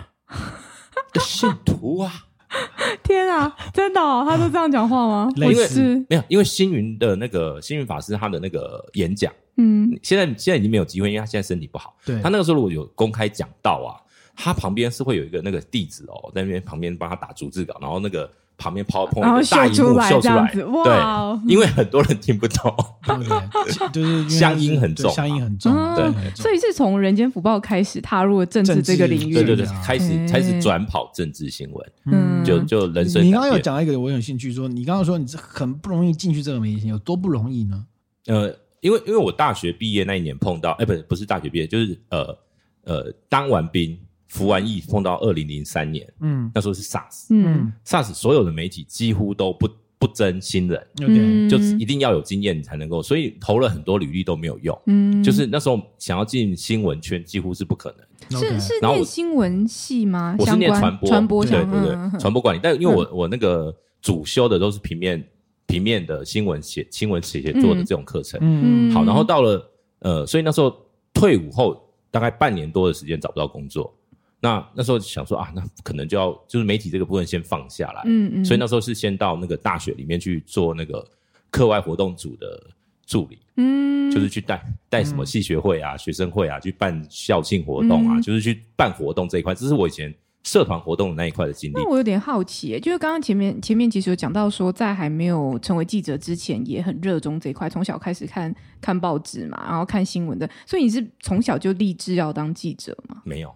的信徒啊。 天啊，真的、哦，他都這樣講話嗎、啊吃？沒有，因為星雲的那個星雲法師他的那個演講，嗯，現在現在已經沒有機會，因為他現在身體不好。對，他那個時候如果有公開講到啊，他旁邊是會有一個那個弟子哦，在那邊旁邊幫他打逐字稿，然後那個。旁邊拋，跑大熒幕秀出來，對，因為很多人聽不懂，就是鄉音很重，鄉音很重，對。所以是從《人間福報》開始踏入政治這個領域，對對對，開始開始轉跑政治新聞，嗯，就就人生。你剛剛有講到一個我有興趣，說你剛剛說你很不容易進去這個媒體有多不容易呢？呃，因為因為我大學畢業那一年碰到，哎，不是不是大學畢業，就是呃呃當完兵。服完役碰到二零零三年，嗯，那時候是 SARS，嗯，SARS 所有的媒體幾乎都不不爭新人 OK，對，就一定要有經驗你才能夠，所以投了很多履歷都沒有用，嗯，就是那時候想要進新聞圈幾乎是不可能，是是念新聞系嗎？我是念傳播傳播對對對，傳播管理，但因為我我那個主修的都是平面平面的新聞寫新聞寫寫作的這種課程，嗯，好，然後到了呃，所以那時候退伍後大概半年多的時間找不到工作。那那時候想說啊，那可能就要就是媒體這個部分先放下來，嗯嗯，所以那時候是先到那個大學裡面去做那個課外活動組的助理，嗯，就是去帶帶什麼系學會啊、嗯、學生會啊，去辦校慶活動啊，嗯、就是去辦活動這一塊。這是我以前社團活動的那一塊的經歷。因為我有點好奇、欸，就是剛剛前面前面其實有講到說，在還沒有成為記者之前，也很熱衷這一塊，從小開始看看報紙嘛，然後看新聞的，所以你是從小就立志要當記者嗎？沒有。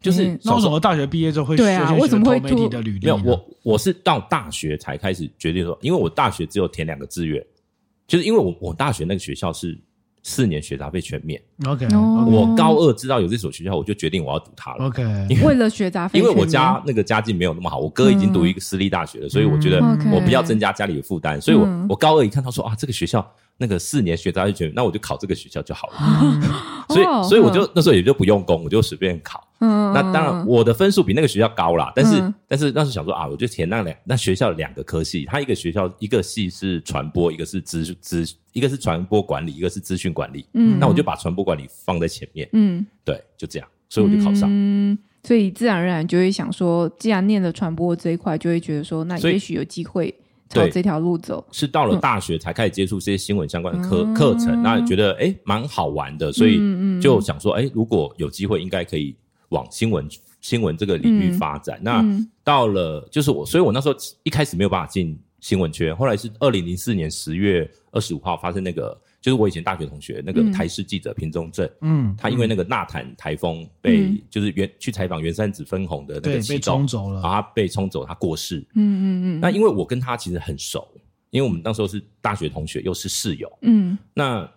就是、嗯，那我大學畢業之後會去投媒體的履歷呢？我我是到大學才開始決定說，因為我大學只有填兩個志願，就是因為我我大學那個學校是。四年學雜費全免。OK，我高二知道有這所學校，我就決定我要讀它了。OK，為了學雜費，因為我家那個家境沒有那麼好，我哥已經讀一個私立大學了，所以我覺得我不要增加家裡的負擔，所以，我我高二一看他說啊，這個學校那個四年學雜費全免，那我就考這個學校就好了。所以，所以我就那時候也就不用功，我就隨便考。嗯，那當然我的分數比那個學校高啦，但是但是當時想說啊，我就填那兩那學校兩個科系，它一個學校一個系是傳播，一個是資資。一個是傳播管理，一個是資訊管理。嗯、那我就把傳播管理放在前面。嗯，對，就這樣。所以我就考上。嗯，所以自然而然就會想說，既然念了傳播這一塊，就會覺得說，那也許有機會朝這條路走。是到了大學才開始接觸這些新聞相關的課課、嗯、程，那覺得誒蠻、欸、好玩的。所以就想說，誒、欸、如果有機會，應該可以往新聞新聞這個領域發展。嗯、那、嗯、到了就是我，所以我那時候一開始沒有辦法進。新聞圈，後來是二零零四年十月二十五號發生那個，就是我以前大學同學那個台視記者平中正，嗯，他因為那個納坦颱風被、嗯、就是原去採訪員山子分洪的那個記者，他被沖走，他過世，嗯嗯嗯。嗯嗯，那因為我跟他其實很熟，因為我們當時候是大學同學，又是室友，嗯，那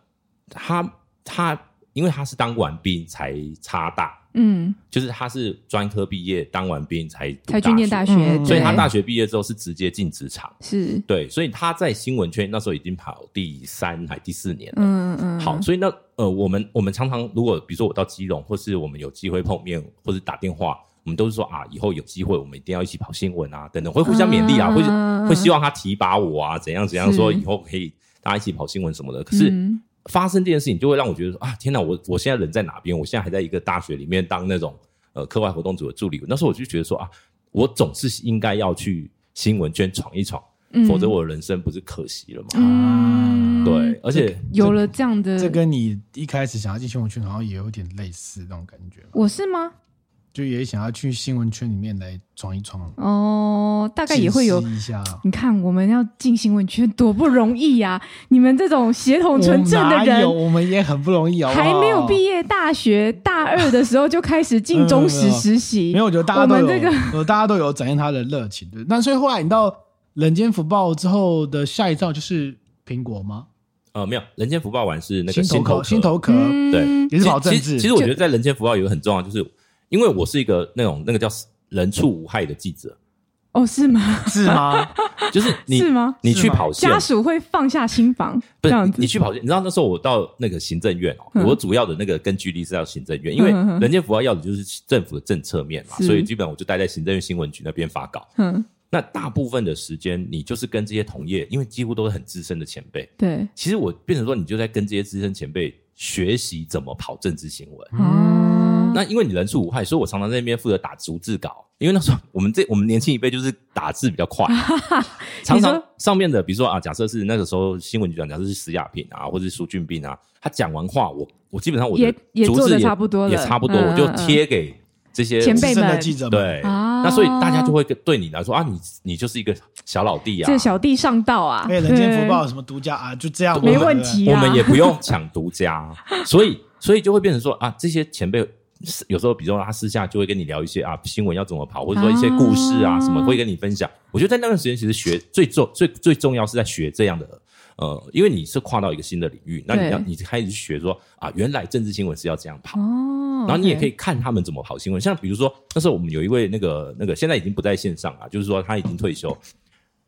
他他因為他是當完兵才差大。嗯，就是他是專科畢業，當完兵才讀，才去念大學，嗯、對所以他大學畢業之後是直接進職場，是對，所以他在新聞圈那時候已經跑第三還第四年了。嗯嗯嗯。嗯好，所以那呃，我們我們常常如果比如說我到基隆，或是我們有機會碰面，或者打電話，我們都是說啊，以後有機會我們一定要一起跑新聞啊，等等，會互相勉勵啊，或、嗯、會，會希望他提拔我啊，怎樣怎樣說，說是以後可以大家一起跑新聞什麼的。可是。嗯發生這件事情，就會讓我覺得說啊，天哪！我我現在人在哪邊？我現在還在一個大學裡面當那種呃課外活動組的助理。那時候我就覺得說啊，我總是應該要去新聞圈闖一闖，嗯、否則我的人生不是可惜了嗎？嗯、對，而且有了這樣的，這跟你一開始想要進新聞圈，然後也有點類似那種感覺。我是嗎？就也想要去新聞圈裡面來闖一闖哦，oh, 大概也會有。 你看，我們要進新聞圈多不容易呀，啊！你們這種血統純正的人我，我們也很不容易哦。還沒有畢業大學大二的時候就開始進中時實習，沒有？我覺得大家都有，大家都有展現他的熱情對。那所以後來你到《人間福報》之後的下一站就是蘋果嗎？呃、哦，沒有，《人間福報》完是那個新頭殼，新頭殼，頭嗯、對，也是跑政治。其實其實，其實我覺得在《人間福報》有個很重要就是。因為我是一個那種那個叫人畜無害的記者，哦，是嗎？是嗎？ 就是你？是嗎你去跑線家屬會放下心防，不是？這樣子你去跑線，你知道那時候我到那個行政院、喔嗯、我主要的那個根據地是在行政院，因為人間福報要的就是政府的政策面嘛，嗯嗯，所以基本上我就待在行政院新聞局那邊發稿。嗯、那大部分的時間你就是跟這些同業，因為幾乎都是很資深的前輩。對，其實我變成說你就在跟這些資深前輩，學習怎麼跑政治新聞。嗯，那因為你人數無害，所以我常常在那邊負責打逐字稿。因為那時候我們這我們年輕一輩就是打字比較快、啊，啊、哈哈常常說上面的比如說啊，假設是那個時候新聞局長，假設是史亞平啊，或者是蘇俊賓啊，他講完話，我我基本上我覺得逐字也也，也做得差不多也差不多，嗯嗯我就貼給這些前輩們對。啊那所以大家就會對你來說啊，你你就是一個小老弟啊，這小弟上道啊，對，人間福報有什麼獨家啊，對就這樣，沒問題啊，我們也不用搶獨家， 所以所以就會變成說啊，這些前輩有時候，比如說他私下就會跟你聊一些啊新聞要怎麼跑，或者說一些故事啊，啊什麼會跟你分享。我覺得在那段時間其實學最重最最重要是在學這樣的。呃，因為你是跨到一個新的領域，對那你要你就開始去學說啊，原來政治新聞是要這樣跑，哦、然後你也可以看他們怎麼跑新聞。哦、像比如說，okay. 那時候我們有一位那個那個，現在已經不在線上啊，就是說他已經退休。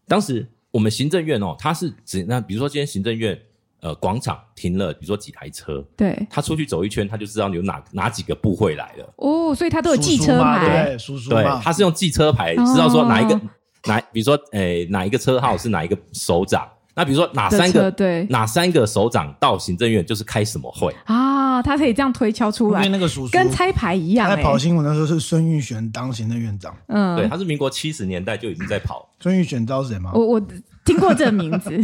當時我們行政院哦，他是只，那，比如說今天行政院呃廣場停了，比如說幾台車，對，他出去走一圈，他就知道你有哪哪幾個部會來了哦，所以他都有記車牌，叔叔，對，對，叔叔對，他是用記車牌知道說哪一個、哦、哪，比如說誒、呃、哪一個車號是哪一個首長。哎那比如說哪三個對哪三個首長到行政院就是開什麼會啊？他可以這樣推敲出來，因為那個叔叔跟拆牌一樣、欸。他在跑新聞的時候是孫運璿當行政院長，嗯，對，他是民國七十年代就已經在跑。孫運璿知道是誰嗎？我我聽過這個名字，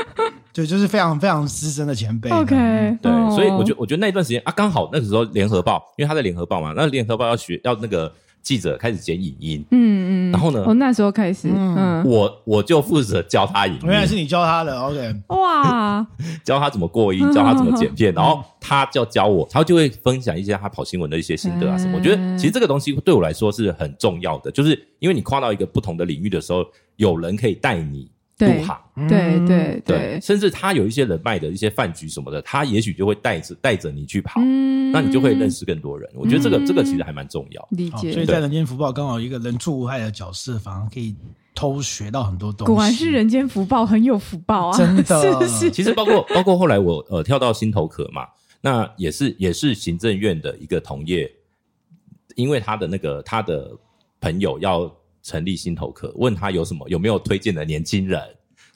對，就是非常非常資深的前輩。OK，、嗯、對，所以我覺得我覺得那一段時間啊，剛好那個時候聯合報，因為他在聯合報嘛，那聯合報要學要那個。記者開始剪影音，嗯嗯，然後呢？從那時候開始，嗯，我我就負責教他影，原來是你教他的，OK，哇， 教他怎麼過音，教他怎麼剪片。嗯、然後他就要教我，他就會分享一些他跑新聞的一些心得啊什麼。嘿我覺得其實這個東西對我來說是很重要的，就是因為你跨到一個不同的領域的時候，有人可以帶你。入行，對對對，對，對，甚至他有一些人脈的一些飯局什麼的，他也許就會帶着帶着你去跑，嗯、那你就會認識更多人。我覺得這個、嗯、這個其實還蠻重要。理解、哦。所以在人間福報，剛好一個人畜無害的角色，反而可以偷學到很多東西。果然是人間福報，很有福報啊！真的、哦。是是。其實包括包括後來我呃跳到新頭殼嘛，那也是也是行政院的一個同業，因為他的那個他的朋友要。成立新頭殼，問他有什麼有沒有推薦的年輕人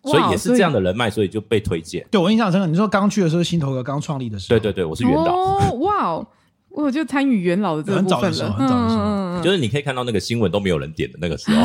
，wow, 所以也是這樣的人脈，所以，所以就被推薦。對，我印象深刻。你說剛去的時候新頭殼剛創立的時候，對對對，我是元老。哇哦，我就參與元老的這個部分。很早的時候，嗯、很早的時候，嗯、就是你可以看到那個新聞都沒有人點的那個時候，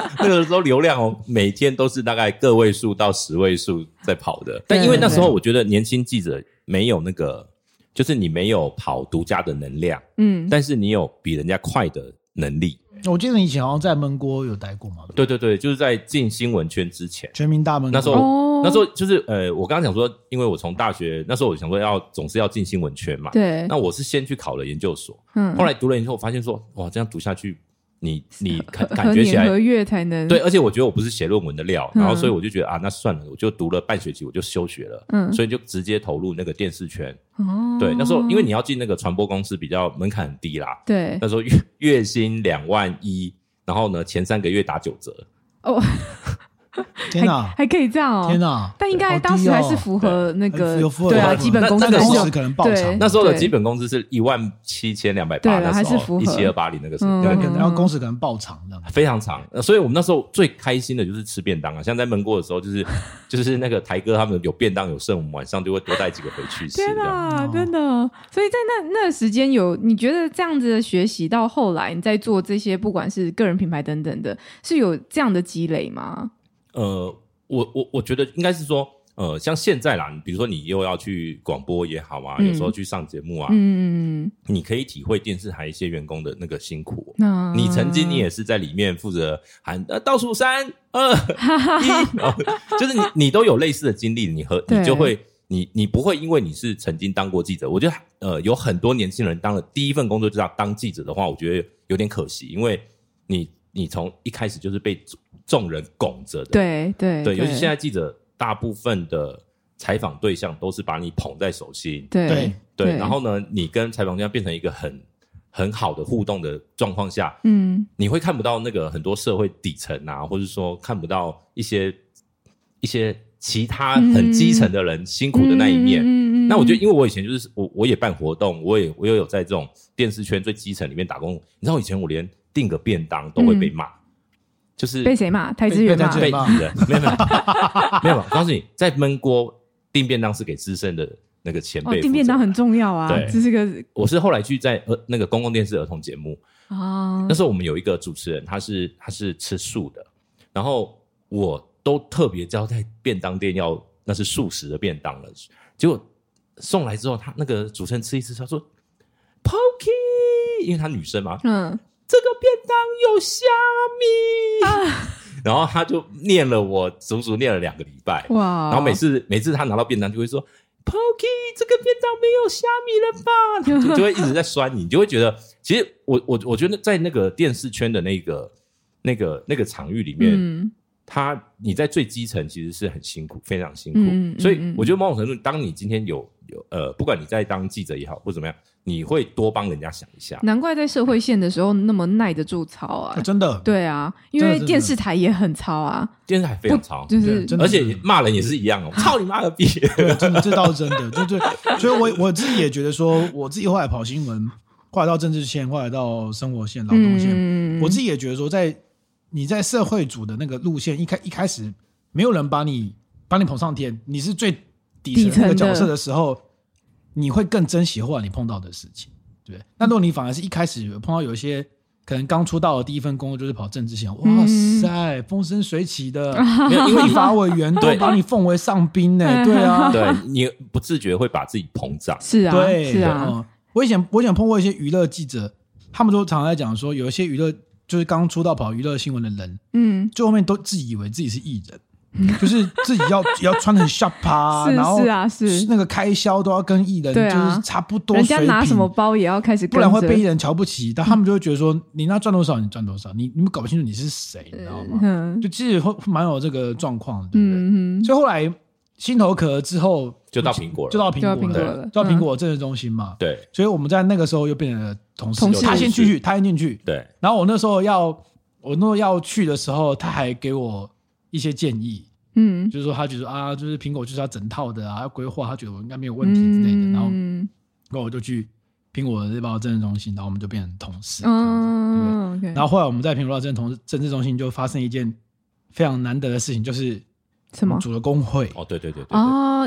那個時候流量哦、喔，每天都是大概個位數到十位數在跑的。 對對對，但因為那時候我覺得年輕記者沒有那個，就是你沒有跑獨家的能量，嗯，但是你有比人家快的能力。我記得你以前好像在悶鍋有待過嘛？對對對，就是在進新聞圈之前，全民大悶鍋。那時候，哦、那時候就是呃，我剛剛講說，因為我從大學那時候，我想說要總是要進新聞圈嘛。對，那我是先去考了研究所，嗯，後來讀了以後，我發現說哇，這樣讀下去。你你感感覺起來合月才能對，而且我覺得我不是寫論文的料，嗯、然後所以我就覺得啊，那算了，我就讀了半學期，我就休學了，嗯，所以就直接投入那個電視圈。哦，嗯、對，那時候因為你要進那個傳播公司，比較門檻很低啦。對，那時候月、月薪兩萬一，然後呢前三個月打九折。哦。 天哪，還可以這樣哦！天哪，但應該當時還是符合那個對啊，基本工資可能對，那時候的基本工資是一萬七千兩百八的時候，一七二八零那個時候，對，然後工時可能爆長的，非常長。所以我們那時候最開心的就是吃便當啊，像在悶鍋的時候，就是就是那個台哥他們有便當有剩，我們晚上就會多帶幾個回去吃。天哪，真的！所以在那那個時間有你覺得這樣子的學習到後來，你在做這些不管是個人品牌等等的，是有這樣的積累嗎？呃，我我我覺得應該是說，呃，像現在啦，比如說你又要去廣播也好啊，嗯、有時候去上節目啊，嗯你可以體會電視台一些員工的那個辛苦。嗯、你曾經你也是在裡面負責喊倒數、啊、三二一 、哦，就是你你都有類似的經歷，你和對你就會，你你不會因為你是曾經當過記者，我覺得呃，有很多年輕人當了第一份工作就要當記者的話，我覺得有點可惜，因為你你從一開始就是被。眾人拱着的，對對對，對對尤其現在記者，對大部分的採訪對象都是把你捧在手心，對對，對對然後呢，你跟採訪對象變成一個很很好的互動的狀況下，嗯，你會看不到那個很多社會底層啊，或者說看不到一些一些其他很基層的人辛苦的那一面。嗯，那我覺得，因為我以前就是我我也辦活動，我也我也有在這種電視圈最基層裡面打工。你知道，以前我連訂個便當都會被罵。嗯就是被誰罵？台資源。嘛？被罵的， 沒有沒有，沒有。告訴你，在燜鍋訂便當是給資深的那個前輩定，哦、便當很重要啊。對，這是個。我是後來去在呃那個公共電視兒童節目啊，那時候我們有一個主持人，他是他是吃素的，然後我都特別交代便當店要那是素食的便當了。結果送來之後，他那個主持人吃一吃，他說 Pocky 因為他女生嘛。”嗯。這個便當有蝦米，啊、然後他就念了我，足足念了兩個禮拜哇！然後每次每次他拿到便當就會說：“剝雞，這個便當沒有蝦米了吧 就？”就會一直在酸你，就會覺得其實我我我覺得在那個電視圈的那個那個那個場域裡面，嗯、他你在最基層其實是很辛苦，非常辛苦。嗯嗯、所以我覺得某種程度，當你今天有有呃，不管你在當記者也好，或怎麼樣。你會多幫人家想一下，難怪在社會線的時候那麼耐得住操、欸、啊！真的，對啊，因為電視台也很糙啊，電視台非常糙就，就是而且罵人也是一樣哦，操、啊、你媽個逼！真的這倒是真的 就，就對所以我，我我自己也覺得說，我自己後來跑新聞，後來到政治線，後來到生活線、勞動線，嗯、我自己也覺得說，在你在社會組的那個路線一開一開始，沒有人把你把你捧上天，你是最底層的角色的時候。你會更珍惜後來你碰到的事情，對。那如果你反而是一開始碰到有一些可能剛出道的第一份工作就是跑政治線，嗯、哇塞，風生水起的。 因為立法委員都把你奉為上賓呢。對，對啊，對你不自覺會把自己膨脹。是啊，對，是啊。我以前，我以前碰過一些娛樂記者，他們都常常在講說，有一些娛樂就是剛出道跑娛樂新聞的人，嗯，最後面都自以為自己是藝人。嗯就是自己要要穿很下趴，然後是啊是那個開銷都要跟藝人就是差不多水平，人家拿什麼包也要開始，不然會被藝人瞧不起。但他們就會覺得說你那賺多少你賺多少，你你們搞不清楚你是誰，你知道嗎？就其實會蠻有這個狀況的。嗯，所以後來新頭殼之後就到蘋果了，就到蘋果了，就到蘋果政治中心嘛。對，所以我們在那個時候又變成了同事，他先進去，他先進去，對。然後我那時候要我那時候要去的時候，他還給我。一些建議，嗯，就是說他覺得啊，就是蘋果就是要整套的啊，要規劃，他覺得我應該沒有問題之類的。然後，然後我就去蘋果日報政治中心，然後我們就變成同事。嗯，然後後來我們在蘋果日報政治政治中心就發生一件非常難得的事情，就是什麼組了工會？哦，對對對對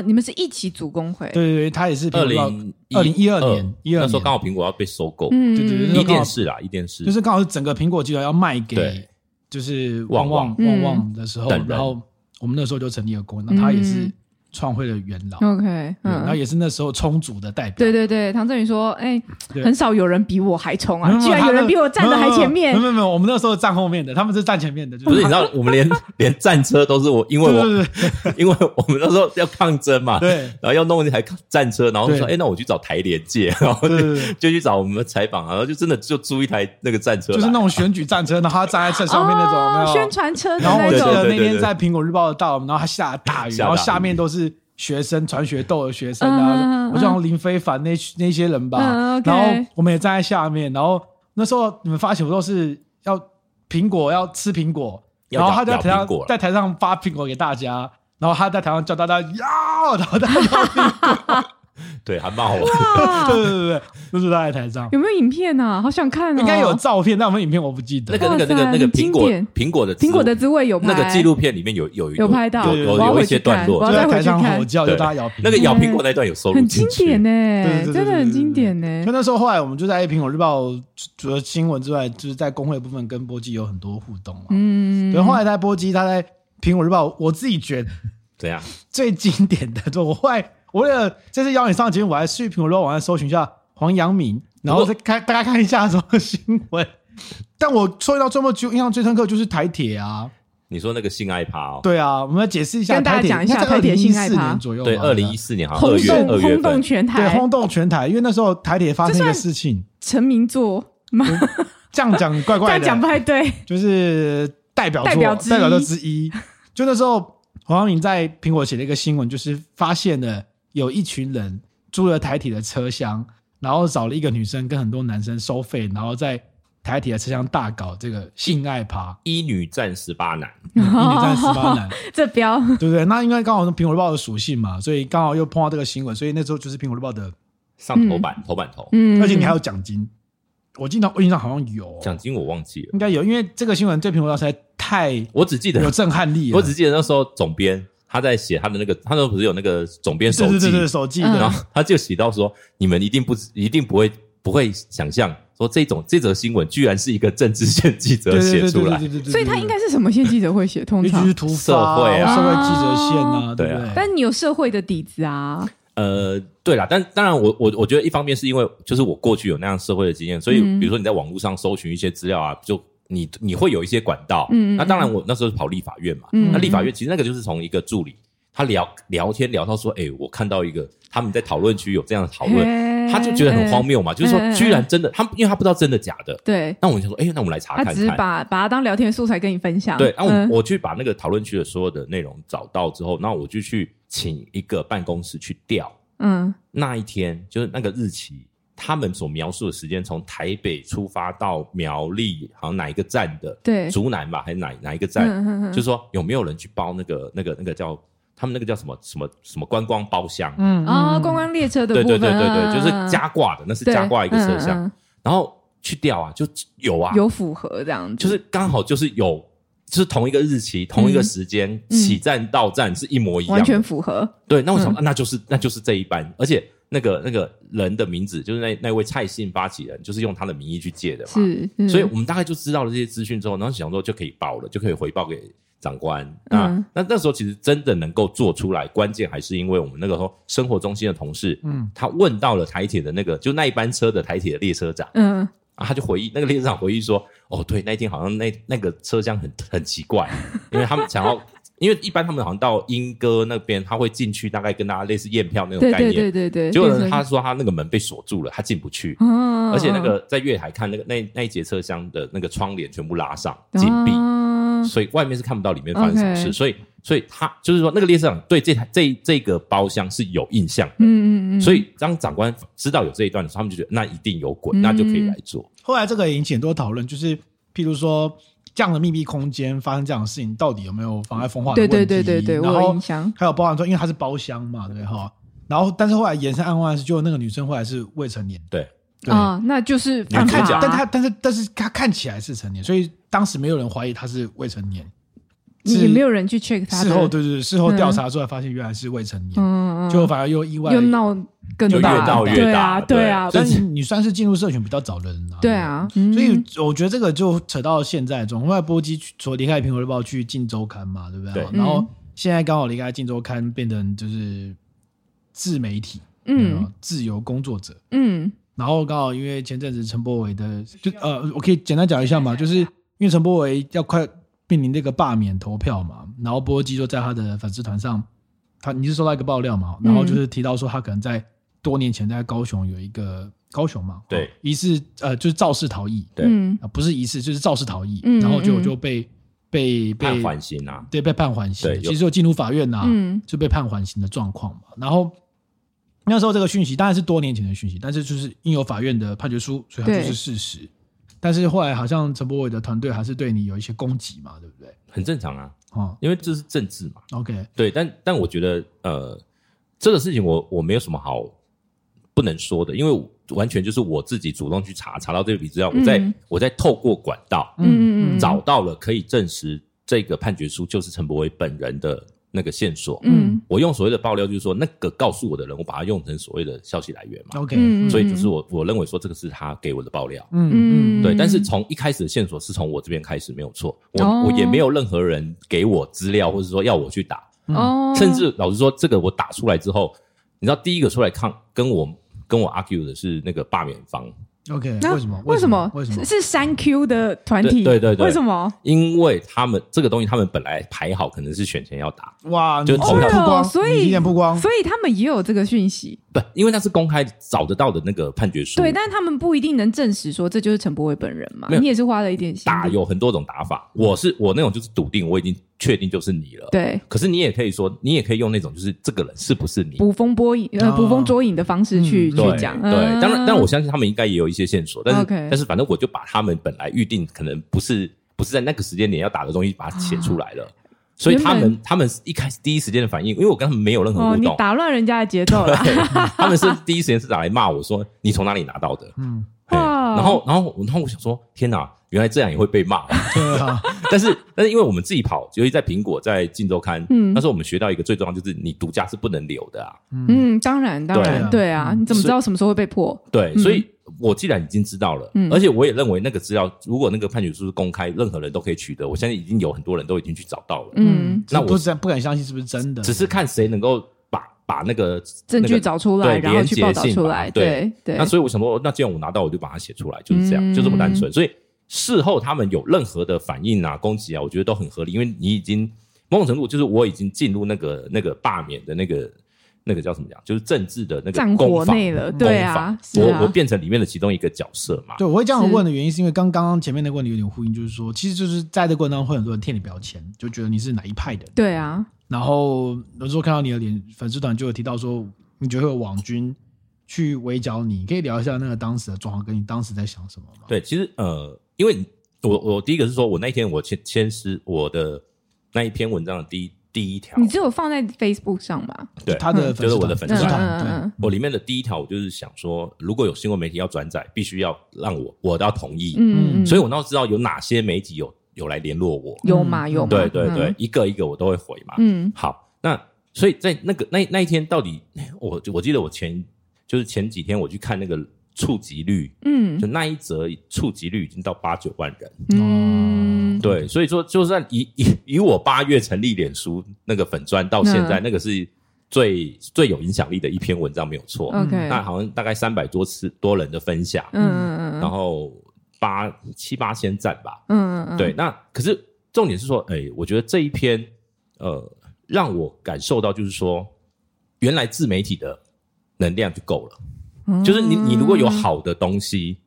你們是一起組工會？對對對，他也是。二零二零一二年一二年時候剛好蘋果要被收購，嗯嗯，一電視啦一電視，就是剛好是整個蘋果集團要賣給。就是旺旺，嗯、旺旺的時候，等等然後我們那時候就成立了國，那他也是。嗯創會的元老，OK，嗯，然後也是那時候衝組的代表，對對對，唐振宇說，哎，很少有人比我還衝啊，居然有人比我站在還前面。沒有沒有，我們那時候站後面的，他們是站前面的，就是你知道，我們連連戰車都是我，因為我因為我們那時候要抗爭嘛，對，然後要弄一台戰車，然後就說，哎，那我去找台聯借，然後就去找我們的採訪，然後就真的就租一台那個戰車，就是那種選舉戰車，然後他站在車上面那種宣傳車，然後我記得那天在蘋果日報的道，然後還下大雨，然後下面都是。學生、傳學鬥的學生啊，uh, uh, 我就像林飛帆那、uh, 那些人吧，uh, okay. 然後我們也站在下面，然後那時候你們發時都是要蘋果，要吃蘋果，然後他在台上在台上發蘋果給大家，然後他在台上叫大家呀，然後大家要蘋果 對，還罵我。對對對，就是他在台上有沒有影片呢？好想看，應該有照片，但沒影片，我不記得。那個那個那個蘋果蘋果的蘋果的滋味有拍。那個紀錄片裡面有有有有有一些段落，就在台上吼叫，就大家咬那個蘋果那段有收錄，很經典欸，對對對，很經典欸。就那時候，後來我們就在蘋果日報除了新聞之外，就是在工會部分跟剝雞有很多互動嘛。嗯，對，後來在剝雞，他在蘋果日報，我自己覺得對啊，最經典的，就我後來。我了，這次邀請上節目，我還是去蘋果樂網上搜尋一下黃揚明，然後再看、哦、大家看一下什麼新聞。但我注意到最後就印象最深刻就是台鐵啊，你說那個性愛趴、哦？對啊，我們要解釋一下，跟大家講一下台鐵，台鐵性愛趴年左右。對，二零一四年好像。轟動二月，二月份，轟動全台，對，轟動全台。因為那時候台鐵發生一個事情，成名作， 這樣講怪怪的，講不太對，就是代表作。代表，代表作之一。就那時候黃揚明在蘋果寫了一個新聞，就是發現了。有一群人租了台鐵的車廂，然後找了一個女生跟很多男生收費，然後在台鐵的車廂大搞這個性愛趴，一女戰十八男，一女戰十八男，這標對不對？那應該剛好是蘋果日報的屬性嘛，所以剛好又碰到這個新聞，所以那時候就是蘋果日報的上頭版，頭版頭，嗯，嗯，而且你還有獎金，我記得，微信上好像有獎金，我忘記了，應該有，因為這個新聞對蘋果日報實在太，我只記得有震撼力，我只記得那時候總編。他在寫他的那個，他那不是有那個總編手記。對對對，手記，然後，他就寫到說，嗯、你們一定不一定不會不會想象說這種這則新聞居然是一個政治線記者寫出來，所以他應該是什麼線記者會寫？通常你只是突發啊、社會啊、社會記者線啊。啊對啊，但你有社會的底子啊，呃，對啦，但當然我我我覺得一方面是因為就是我過去有那樣社會的經驗，所以比如說你在網絡上搜尋一些資料啊，就。你你會有一些管道，那當然我那時候是跑立法院嘛，那立法院其實那個就是從一個助理他聊聊天聊到說，哎，我看到一個他們在討論區有這樣的討論，他就覺得很荒謬嘛，就是說居然真的，他因為他不知道真的假的，對。那我就說，哎，那我們來查看看，他只是把把他當聊天素材跟你分享。對，那我我去把那個討論區的所有的內容找到之後，那我就去請一個辦公室去調，嗯，那一天就是那個日期。他們所描述的時間，從台北出發到苗栗，好像哪一個站的，對，竹南吧，還是哪哪一個站？嗯嗯嗯，就是說有沒有人去包那個、那個、那個叫他們那個叫什麼什麼什麼觀光包廂？嗯啊，觀光列車的部分，對對對對對，就是加掛的，那是加掛一個車廂，嗯嗯，然後去掉啊，就有啊，有符合這樣子，就是剛好就是有，就是同一個日期、同一個時間，嗯嗯，起站到站是一模一樣，完全符合。對，那為什麼？那就是那就是這一班，而且，那個那個人的名字，就是那那位蔡姓發起人，就是用他的名義去借的嘛。是，嗯、所以我們大概就知道了這些資訊之後，然後想說就可以報了，就可以回報給長官。啊嗯、那那那時候其實真的能夠做出來，關鍵還是因為我們那個時候生活中心的同事，嗯，他問到了台鐵的那個，就那一班車的台鐵的列車長，嗯、啊，他就回憶，那個列車長回憶說，嗯、哦，對，那一天好像那那個車廂很很奇怪， 因為他們想要。因為一般他們好像到鶯歌那邊，他會進去，大概跟大家類似驗票那種概念。對對對對。結果呢，他說他那個門被鎖住了，他進不去。而且那個在月台看那個那那一節車廂的那個窗簾全部拉上，緊閉，所以外面是看不到裡面發生什麼事所以。Okay. 所以，所以他就是說，那個列車長對這台這這個包廂是有印象的。嗯，所以，當長官知道有這一段的時候，他們就覺得那一定有鬼，嗯、那就可以來做。後來這個引起很多討論，就是譬如說。這樣的密閉空間發生這樣的事情，到底有沒有妨礙風化的問題？對對對對對，然後我印象還有包含說，因為它是包廂嘛，對不對哈。然後，但是後來延伸案外就那個女生後來是未成年，對啊對、哦，那就是犯法、啊、但她但是但是她看起來是成年，所以當時沒有人懷疑她是未成年。你也沒有人去 check 她事後對，對對，事後調查出來發現原來是未成年。嗯就反而又意外，又鬧更大，對啊，對啊。對，但是你算是進入社群比較早的人啊，對啊。所以我覺得這個就扯到現在，總外、嗯嗯、剝雞說離開《蘋果日報》去鏡週刊嘛，對不對、啊？對，然後現在剛好離開《鏡週刊》，變成就是自媒體，嗯，自由工作者，嗯。然後剛好因為前陣子陳柏惟的，就呃，我可以簡單講一下嘛，對就是因為陳柏惟要快面臨這個罷免投票嘛，然後剝雞就在他的粉絲團上。他你是收到一個爆料嘛？然後就是提到說他可能在多年前在高雄有一個高雄嘛？對、嗯，疑似呃就是肇事逃逸，對，不是疑似，就是肇事逃逸，然後就就被被被判緩刑啊，對，被判緩刑，其實就進入法院吶、啊，就、嗯、被判緩刑的狀況嘛。然後那時候這個訊息當然是多年前的訊息，但是就是應有法院的判決書，所以它就是事實。對但是後來好像陳柏惟的團隊還是對你有一些攻擊嘛，對不對？很正常啊。哦，因為這是政治嘛，OK，對，但但我覺得，呃，這個事情我我沒有什麼好不能說的，因為完全就是我自己主動去查，查到這筆資料，我在、嗯、我在透過管道，嗯嗯嗯，找到了可以證實這個判決書就是陳柏惟本人的。那個線索，嗯，我用所謂的爆料，就是說那個告訴我的人，我把它用成所謂的消息來源嘛，OK，所以就是我、嗯、我認為說，這個是他給我的爆料，嗯嗯，對，嗯、但是從一開始的線索是從我這邊開始沒有錯，我、哦、我也沒有任何人給我資料或者說要我去打，哦、嗯，甚至老實說，這個我打出來之後，你知道第一個出來抗跟我跟我 argue 的是那個罷免方。OK，那、啊、為什麼？為什麼？是三 Q 的團體？對對對，對，為什麼？因為他們這個東西，他們本來排好，可能是選前要打。哇，就直接曝光，一點光，所以他們也有這個訊息。對，因為那是公開找得到的那個判決書。對，但是他們不一定能證實說這就是陳柏惟本人嘛。沒有，你也是花了一點心思。打有很多種打法，我是我那種就是篤定，我已經確定就是你了。對，可是你也可以說，你也可以用那種就是這個人是不是你捕風捉影，呃、哦、捕風捉影的方式去，嗯、去講。對，嗯、對，當然，但我相信他們應該也有一些線索。但是，okay、但是反正我就把他們本來預定可能不是不是在那個時間點要打的東西，把它寫出來了。所以他們原本，他們一開始第一時間的反應，因為我跟他們沒有任何互動，哦、你打亂人家的節奏。對，嗯、他們是第一時間是打來罵我說：“你從哪裡拿到的？”嗯。然後，然後我，然後我想說，天哪，原來這樣也會被罵。但是，但是因為我們自己跑，尤其在蘋果，在鏡週刊，那時候我們學到一個最重要就是，你獨家是不能留的啊。嗯，當然，當然，對啊，你怎麼知道什麼時候會被破？對，所以我既然已經知道了，而且我也認為那個資料，如果那個判決書是公開，任何人都可以取得。我相信已經有很多人都已經去找到了。嗯，那我不敢相信是不是真的，只是看誰能夠。把那個證據找出來，對，然後去報道出來，對，對。那所以我想說，那既然我拿到，我就把它寫出來，就是這樣，就這麼單純。所以事後他們有任何的反應啊、攻擊啊，我覺得都很合理，因為你已經某種程度就是我已經進入那個那個罷免的那個那個叫什麼講，就是政治的那個攻防戰裡了，對啊，我我變成裡面的其中一個角色嘛。對，我會這樣問的原因是因為剛剛前面那個問題有點呼應，就是說，其實就是在這個過程當中會很多人貼你標籤，就覺得你是哪一派的，對啊。然後，有時候看到你的臉，粉絲團就有提到說，你覺得有網軍去圍剿你，你可以聊一下那個當時的狀況跟你當時在想什麼嗎？對，其實呃，因為我我第一個是說，我那天我先先是我的那一篇文章的第一第一條，你只有放在 Facebook 上嘛？對，他的粉絲團就是我的粉絲團，我裡面的第一條我就是想說，如果有新聞媒體要轉載，必須要讓我我都要同意，嗯，所以我要知道有哪些媒體有，有來聯絡我，有嗎、嗯？有對對對，嗯、一個一個我都會回嘛。嗯，好，那所以在那個那那一天，到底我我記得我前就是前幾天我去看那個觸及率，嗯，就那一則觸及率已經到八九萬人嗯，對，所以說就算以以以我八月成立臉書那個粉專到現在，嗯、那個是最最有影響力的一篇文章，沒有錯。OK，、嗯、那好像大概三百多次多人的分享，嗯，然後。八七八千讚吧，嗯嗯嗯，對，那可是重點是說，哎，欸，我覺得這一篇，呃，讓我感受到就是說，原來自媒體的能量就夠了，嗯，就是你你如果有好的東西，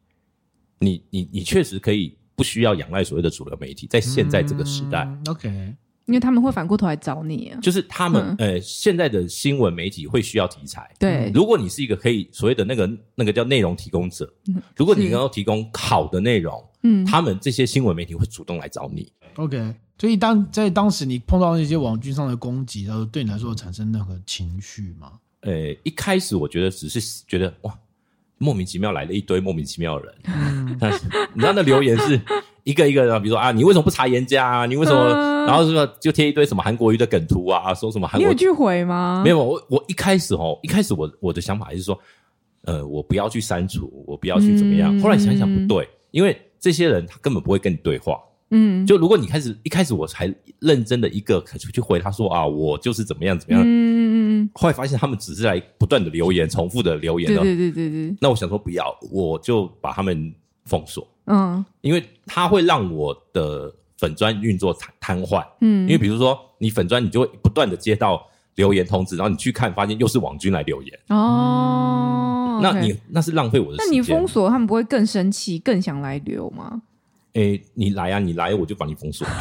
你你你確實可以不需要仰賴所謂的主流媒體，在現在這個時代，嗯，OK。因為他們會反過頭來找你、啊、就是他們呃、嗯，現在的新聞媒體會需要題材。對、嗯，如果你是一個可以所謂的那個那個叫內容提供者，嗯、如果你能夠提供好的內容，嗯，他們這些新聞媒體會主動來找你。OK，所以當在當時你碰到那些網軍上的攻擊，然後對你來說產生那個情緒嗎？呃，一開始我覺得只是覺得哇，莫名其妙來了一堆莫名其妙的人，嗯、但是你知道那留言是一個一個的，比如說啊，你為什麼不查顏家？你為什麼、嗯？然後就貼一堆什麼韓國瑜的梗圖啊，說什麼韓國瑜。你會去回嗎？沒有，我我一開始吼，一開始我我的想法是說，呃，我不要去刪除，我不要去怎麼樣。嗯、後來想一想不對，因為這些人他根本不會跟你對話。嗯。就如果你開始一開始我才認真的一個去回他說啊，我就是怎麼樣怎麼樣。嗯嗯嗯。後來發現他們只是來不斷的留言，嗯、重複的留言。對對對對對。那我想說不要，我就把他們封鎖。嗯。因為他會讓我的。粉磚運作癱癱瘓，嗯，因為比如說你粉專，你就會不斷的接到留言通知，然後你去看，發現又是網軍來留言哦。那你，哦 okay，那是浪費我的時間。那你封鎖他們不會更生氣，更想來留嗎？誒、欸，你來啊，你來我就把你封鎖。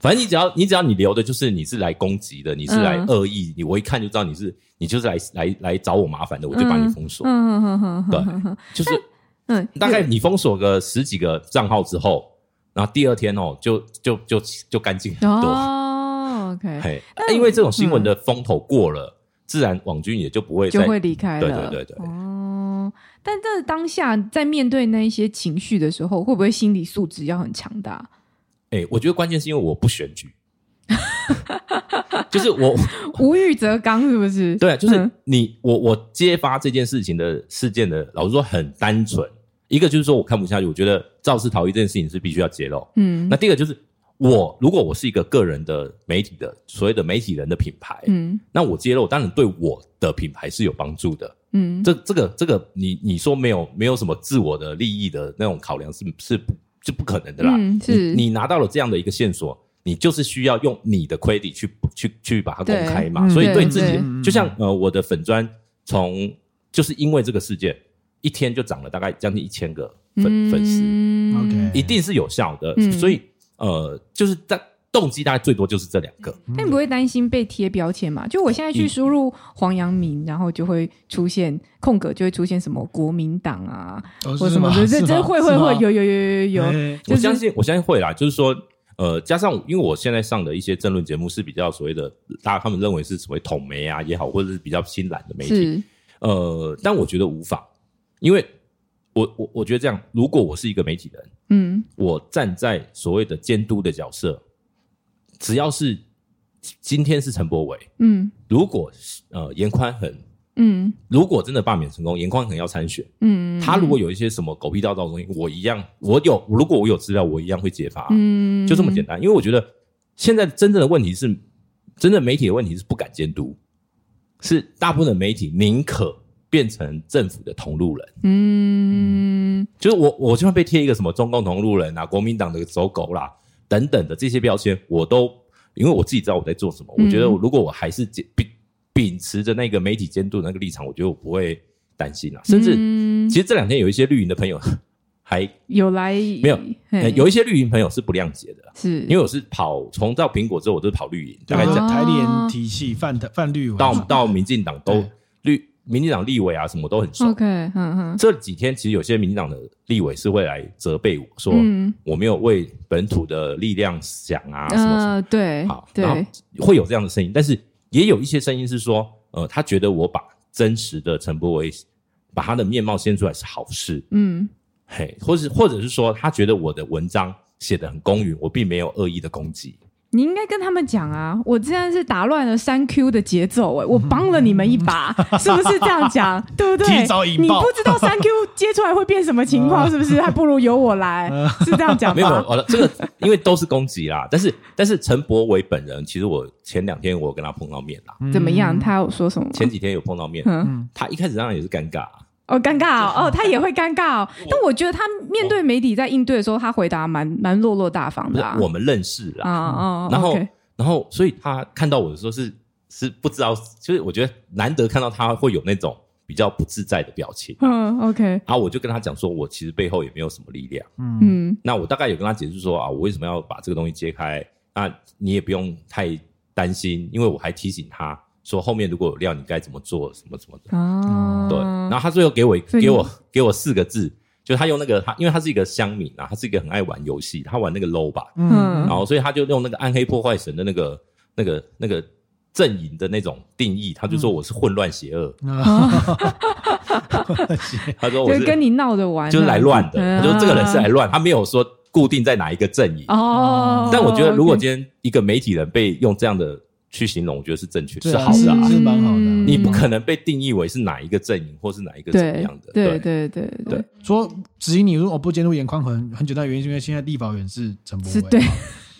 反正你只要你只要你留的就是你是來攻擊的，你是來惡意，嗯、你我一看就知道你是你就是來來來找我麻煩的，我就把你封鎖、嗯對嗯。嗯嗯嗯嗯，對，就是嗯，嗯大概你封鎖個十幾個賬號之後。然後第二天哦，就就就就乾淨很多。哦，因為這種新聞的風頭過了，嗯、自然網軍也就不會再就會離開了。對對對，對，對、Oh, 但在當下在面對那一些情緒的時候，會不會心理素質要很強大？哎、我覺得關鍵是因為我不選舉， 就是我 無欲則剛，是不是？對、啊，就是你、嗯、我我揭發這件事情的事件的，老實說很單純。一個就是說我看不下去，我覺得肇事逃逸這件事情是必須要揭露。嗯，那第二個就是我如果我是一個個人的媒體的、嗯、所謂的媒體人的品牌，嗯，那我揭露當然對我的品牌是有幫助的。嗯，這這個這個你你說沒有沒有什麼自我的利益的那種考量是是不是不可能的啦。嗯、你你拿到了這樣的一個線索，你就是需要用你的 credit 去去去把它公開嘛。對所以對自己對對就像呃我的粉專從就是因為這個事件。一天就漲了大概將近一千個粉粉絲，一定是有效的。所以呃，就是在動機大概最多就是這兩個，但你不會擔心被貼標籤嘛？就我現在去輸入黃揚明，然後就會出現空格，就會出現什麼國民黨啊，或什麼這這會會會有有有有有，我相信我相信會啦。就是說呃，加上因為我現在上的一些政論節目是比較所謂的，大家他們認為是所謂統媒啊也好，或者是比較新藍的媒體，呃，但我覺得無法。因為我，我我我覺得這樣，如果我是一個媒體人，嗯，我站在所謂的監督的角色，只要是今天是陳柏惟，嗯，如果呃顏寬恆，嗯，如果真的罷免成功，顏寬恆要參選，嗯，他如果有一些什麼狗屁道道的東西，我一樣，我有，如果我有資料，我一樣會揭發，嗯，就這麼簡單。因為我覺得現在真正的問題是，真正媒體的問題是不敢監督，是大部分的媒體寧可。變成政府的同路人，嗯，就是我，我就會被貼一個什麼中共同路人啊、國民黨的走狗啦等等的這些標籤，我都因為我自己知道我在做什麼，嗯、我覺得我如果我還是秉秉持着那個媒體監督的那個立場，我覺得我不會擔心了、啊。甚至、嗯、其實這兩天有一些綠營的朋友還有來沒有，嘿有一些綠營朋友是不諒解的，是因為我是跑從到蘋果之後我都，我就是跑綠營，大概在台聯體系泛泛綠到到民進黨都。民進黨立委啊，什麼都很熟 okay、uh。OK，嗯嗯。這幾天其實有些民進黨的立委是會來責備我說，嗯，我沒有為本土的力量想啊什麼。嗯，對。好，然後會有這樣的聲音，但是也有一些聲音是說，呃，他覺得我把真實的陳柏惟把他的面貌掀出來是好事。嗯。嘿，或是或者是說，他覺得我的文章寫得很公允，我並沒有惡意的攻擊。你應該跟他們講啊！我現在是打亂了三 Q 的節奏，我幫了你們一把，是不是這樣講？對不對？你不知道三 Q 接出來會變什麼情況，是不是？還不如由我來，是這樣講嗎？沒有，這個因為都是攻擊啦，但是但是陳柏惟本人，其實我前兩天我有跟他碰到面啦。怎麼樣？他有說什麼？前幾天有碰到面，嗯，他一開始當然也是尷尬。哦，尷、oh, 尬哦，oh, 他也會尷尬。 但我覺得他面對媒體在應對的時候，我他回答蠻蠻落落大方的、啊。我們認識啊、嗯、然後、哦 okay、然後，所以他看到我的時候是是不知道。就是我覺得難得看到他會有那種比較不自在的表情、啊。嗯、哦、OK。然後、啊、我就跟他講說，我其實背後也沒有什麼力量。嗯嗯，那我大概有跟他解釋說啊，我為什麼要把這個東西揭開？那、啊、你也不用太擔心，因為我還提醒他。說後面如果有料，你該怎麼做？什麼什麼的。啊、對。然後他最後給我給我給我四個字，就他用那個他，因為他是一個鄉民啊，他是一個很愛玩遊戲，他玩那個 LOL 吧。嗯。然後所以他就用那個暗黑破壞神的那個那個那個陣營的那種定義，他就說我是混亂邪惡。哈哈哈！哈哈、啊！ 他說我是跟你鬧着玩，就是來亂的。他說這個人是來亂，嗯、他沒有說固定在哪一個陣營。哦、但我覺得，如果今天一個媒體人被用這樣的，去形容，我覺得是正確。啊、是，是好的，啊，是蠻好的、啊。你不可能被定義為是哪一個陣營，或是哪一個怎樣的。對對對對，說至於你說我不監督顏寬很很簡單原因，是因為現在立法院是陳柏惟對。對的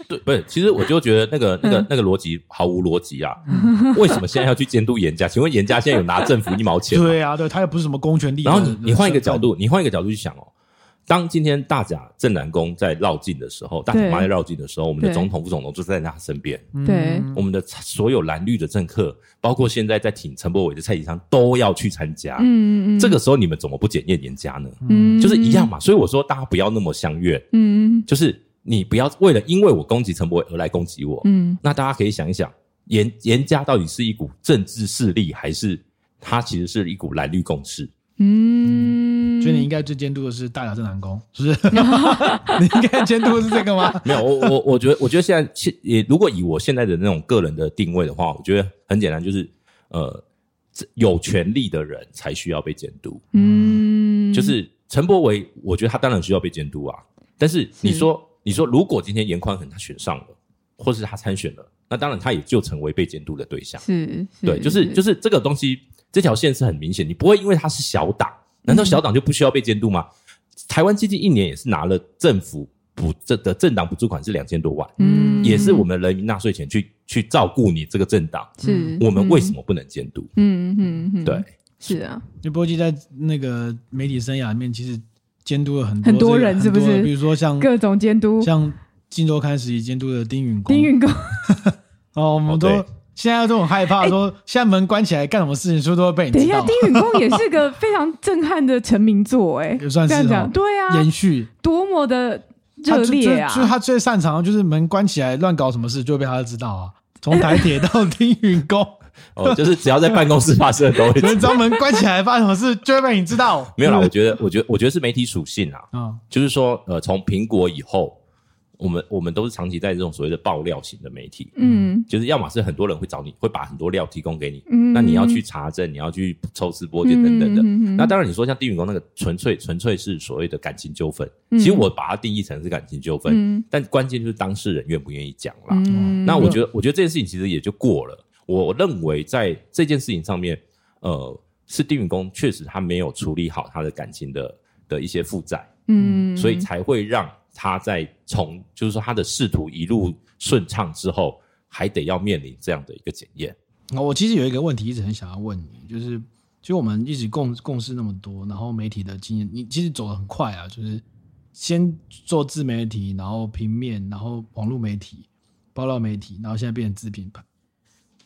對，不是，其實我就覺得那個 那個那個邏輯毫無邏輯啊！為什麼現在要去監督顏家？請問顏家現在有拿政府一毛錢？ 對啊，對他又不是什麼公權力。然後你你換一個角度，你換一個角度去想哦。當今天大甲鎮瀾宮在繞境的時候，大甲媽在繞境的時候，對我們的總統副總統就在他身邊。對，我們的所有藍綠的政客，包括現在在挺陳柏惟的蔡其昌，都要去參加。嗯，嗯這個時候你們怎麼不檢驗顏家呢？嗯，就是一樣嘛。所以我說大家不要那麼相悅，嗯，就是你不要為了因為我攻擊陳柏惟而來攻擊我。嗯，那大家可以想一想，顏顏家到底是一股政治勢力，還是他其實是一股藍綠共識？嗯。嗯所以你應該最監督的是大甲鎮瀾宮，是不是？你應該監督的是這個嗎？ 沒有，我我我覺得，我覺得現在現也，如果以我現在的那種個人的定位的話，我覺得很簡單，就是呃，有權力的人才需要被監督。嗯，就是陳柏惟，我覺得他當然需要被監督啊。但是你說，是你說如果今天顏寬恆他選上了，或是他參選了，那當然他也就成為被監督的對象。是，是對，就是就是這個東西，這條線是很明顯，你不會因為他是小黨。難道小黨就不需要被監督嗎？嗯、台灣最近一年也是拿了政府補政的政黨補助款是兩千多萬，嗯，也是我們人民納稅錢去去照顧你這個政黨，是，嗯，我們為什麼不能監督？嗯嗯嗯對，是啊，剝雞在那個媒體生涯裡面，其實監督了很多很多人，是不是？比如說像各種監督，像鏡週刊開始也監督的丁允，丁允恭， 哦，我們都、哦現在都很害怕，說現在門關起來幹什麼事情，說都會被你知道、欸。等一下，丁允恭也是個非常震撼的成名作、欸，哎、 哦，這樣，這樣對啊，延續多麼的熱烈啊！就是他最擅長，的就是門關起來亂搞什麼事，就會被他知道啊。從台鐵到丁允恭， 哦，就是只要在辦公室發生的都會，只要門關起來發什麼事，就會被你知道、哦。沒有啦，嗯、我覺得，我覺得，我覺得是媒體屬性啊，嗯，就是說，呃，從蘋果以後。我們我們都是長期在這種所謂的爆料型的媒體，嗯，就是要麼是很多人會找你，會把很多料提供給你，嗯，那你要去查證，你要去抽絲剝繭等等的。嗯，嗯嗯那當然，你說像丁允恭那個純，純粹純粹是所謂的感情糾紛，嗯、其實我把它定義成是感情糾紛，嗯、但關鍵就是當事人願不願意講啦嗯，那我覺得，嗯、我覺得這件事情其實也就過了。我認為在這件事情上面，呃，是丁允恭確實他沒有處理好他的感情的、嗯、的一些負債，嗯，所以才會讓。他在從就是說他的仕途一路順暢之後，還得要面臨這樣的一個檢驗。我其實有一個問題一直很想要問你，就是其實我們一直共共事那麼多，然後媒體的經驗，你其實走得很快啊，就是先做自媒體，然後平面，然後網絡媒體，爆料媒體，然後現在變成自品牌。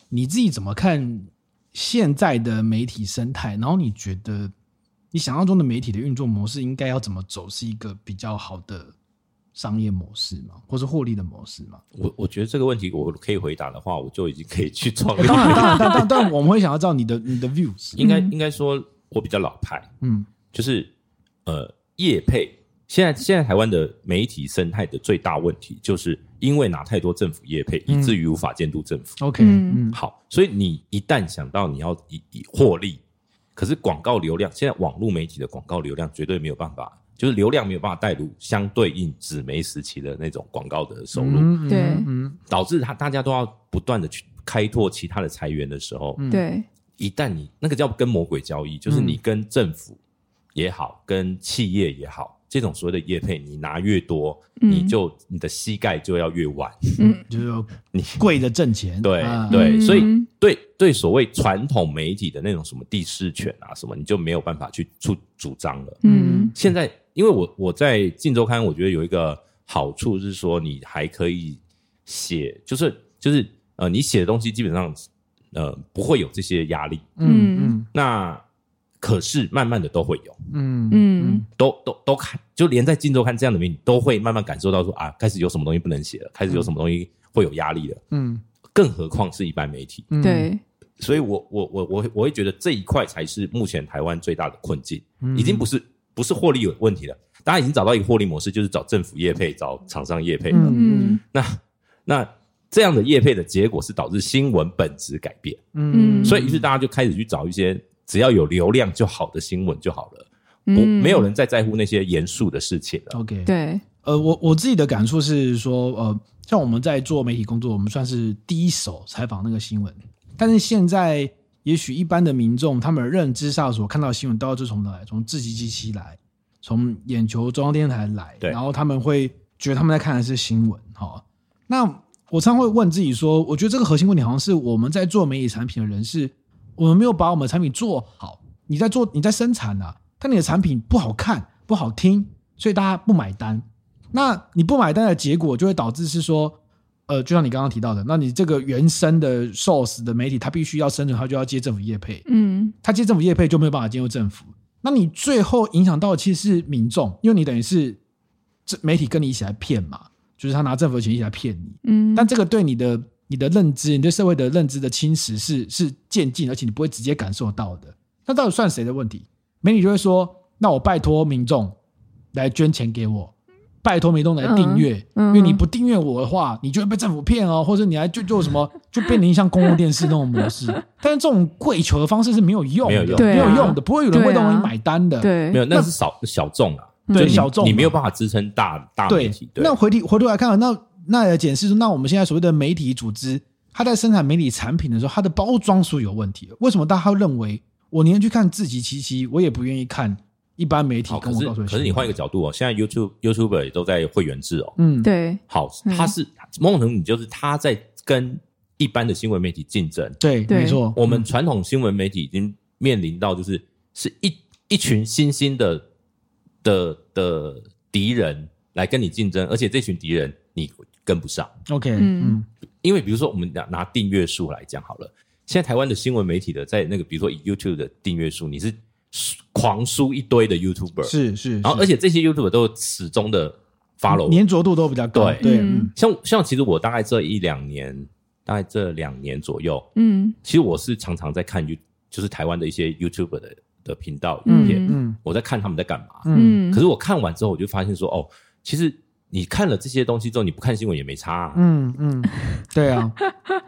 你自己怎麼看現在的媒體生態？然後你覺得你想象中的媒體的運作模式應該要怎麼走，是一個比較好的？商業模式嘛，或是獲利的模式嘛？我我覺得這個問題我可以回答的話，我就已經可以去創業、欸。當然，但但 我們會想要知道你的你的 views、嗯。應該應該說，我比較老派，嗯，就是呃，業配。現在現在台灣的媒體生態的最大問題，就是因為拿太多政府業配，以至於無法監督政府。OK，嗯嗯，好。所以你一旦想到你要以以獲利，可是廣告流量，現在網絡媒體的廣告流量絕對沒有辦法。就是流量沒有辦法帶入相對應紙媒時期的那種廣告的收入，對，導致他大家都要不斷的去開拓其他的財源的時候，對，一旦你那個叫跟魔鬼交易，就是你跟政府也好，跟企業也好，這種所謂的業配，你拿越多，你就你的膝蓋就要越彎，就是說你跪着掙錢，對對，所以對對，所謂傳統媒體的那種什麼第四權啊什麼，你就沒有辦法去出主張了，嗯，現在。因為我我在《鏡週刊》，我覺得有一個好處是說，你還可以寫，就是就是呃，你寫的東西基本上呃不會有這些壓力，嗯嗯。嗯那可是慢慢的都會有，嗯嗯，嗯都都都看，就連在《鏡週刊》這樣的媒體，你都會慢慢感受到說啊，開始有什麼東西不能寫了，開始有什麼東西會有壓力了，嗯。更何況是一般媒體，對、嗯。所以我我我我我會覺得這一塊才是目前台灣最大的困境，嗯、已經不是。不是獲利有問題的。大家已經找到一個獲利模式，就是找政府業配，找廠商業配了。嗯，那那這樣的業配的結果是導致新聞本質改變。嗯，所以於是大家就開始去找一些只要有流量就好的新聞就好了。嗯，沒有人在在乎那些嚴肅的事情了。嗯，OK，對，呃，我我自己的感觸是說，呃，像我們在做媒體工作，我們算是第一手採訪那個新聞，但是現在。也許一般的民眾，他們認知下所看到的新聞，都是從哪？從志祺七七來，從眼球中央電視台來，然後他們會覺得他們在看的是新聞對。那我常會問自己說，我覺得這個核心問題好像是我們在做媒體產品的人，是我們沒有把我們的產品做好。你在做，你在生產啊，但你的產品不好看，不好聽，所以大家不買單。那你不買單的結果就會導致是說。呃，就像你剛剛提到的，那你這個原生的 source 的媒體，它必須要生存，它就要接政府業配。嗯，它接政府業配就沒有辦法進入政府。那你最後影響到的其實是民眾，因為你等於是這媒體跟你一起來騙嘛，就是他拿政府的錢一起來騙你。嗯，但這個對你的你的認知，你對社會的認知的侵蝕是是漸進，而且你不會直接感受到的。那到底算誰的問題？媒體就會說，那我拜託民眾來捐錢給我。拜託，梅東來訂閱，嗯、因為你不訂閱我的話，你就會被政府騙哦、喔，或者你還就就什麼就變成像公共電視那種模式。但是這種跪求的方式是沒有用的，沒有用，啊、沒有用的，不會有人為東你買單的。沒有，那是小小眾啊，小眾，你沒有辦法支撐大大東西對對那回題回頭來看啊，那那解釋說，那我們現在所謂的媒體組織，它在生產媒體產品的時候，它的包裝是有問題的。為什麼大家會認為我寧願去看志祺七七，我也不願意看？一般媒體好，可是可是你換一個角度哦、喔，現在 YouTube、YouTube 也都在會員制哦、喔。嗯，對。好，他是某種程度、嗯、就是他在跟一般的新聞媒體競爭。對，對，沒錯。我們傳統新聞媒體已經面臨到，就是是一一群新興的的的敵人來跟你競爭，而且這群敵人你跟不上。OK，嗯嗯。嗯，因為比如說，我們拿拿訂閱數來講好了，現在台灣的新聞媒體的在那個，比如說以 YouTube 的訂閱數，你是。狂輸一堆的 YouTuber 是是,是，然後而且這些 YouTuber 都始終的 follow 黏着度都比較高，對對，嗯、像像其實我大概這一兩年，大概這兩年左右，嗯，其實我是常常在看 You 就是台灣的一些 YouTuber 的的頻道影片。嗯,嗯，嗯、我在看他們在幹嘛，嗯,嗯，嗯、可是我看完之後，我就發現說，哦，其實你看了這些東西之後，你不看新聞也沒差、啊，嗯嗯， 對啊，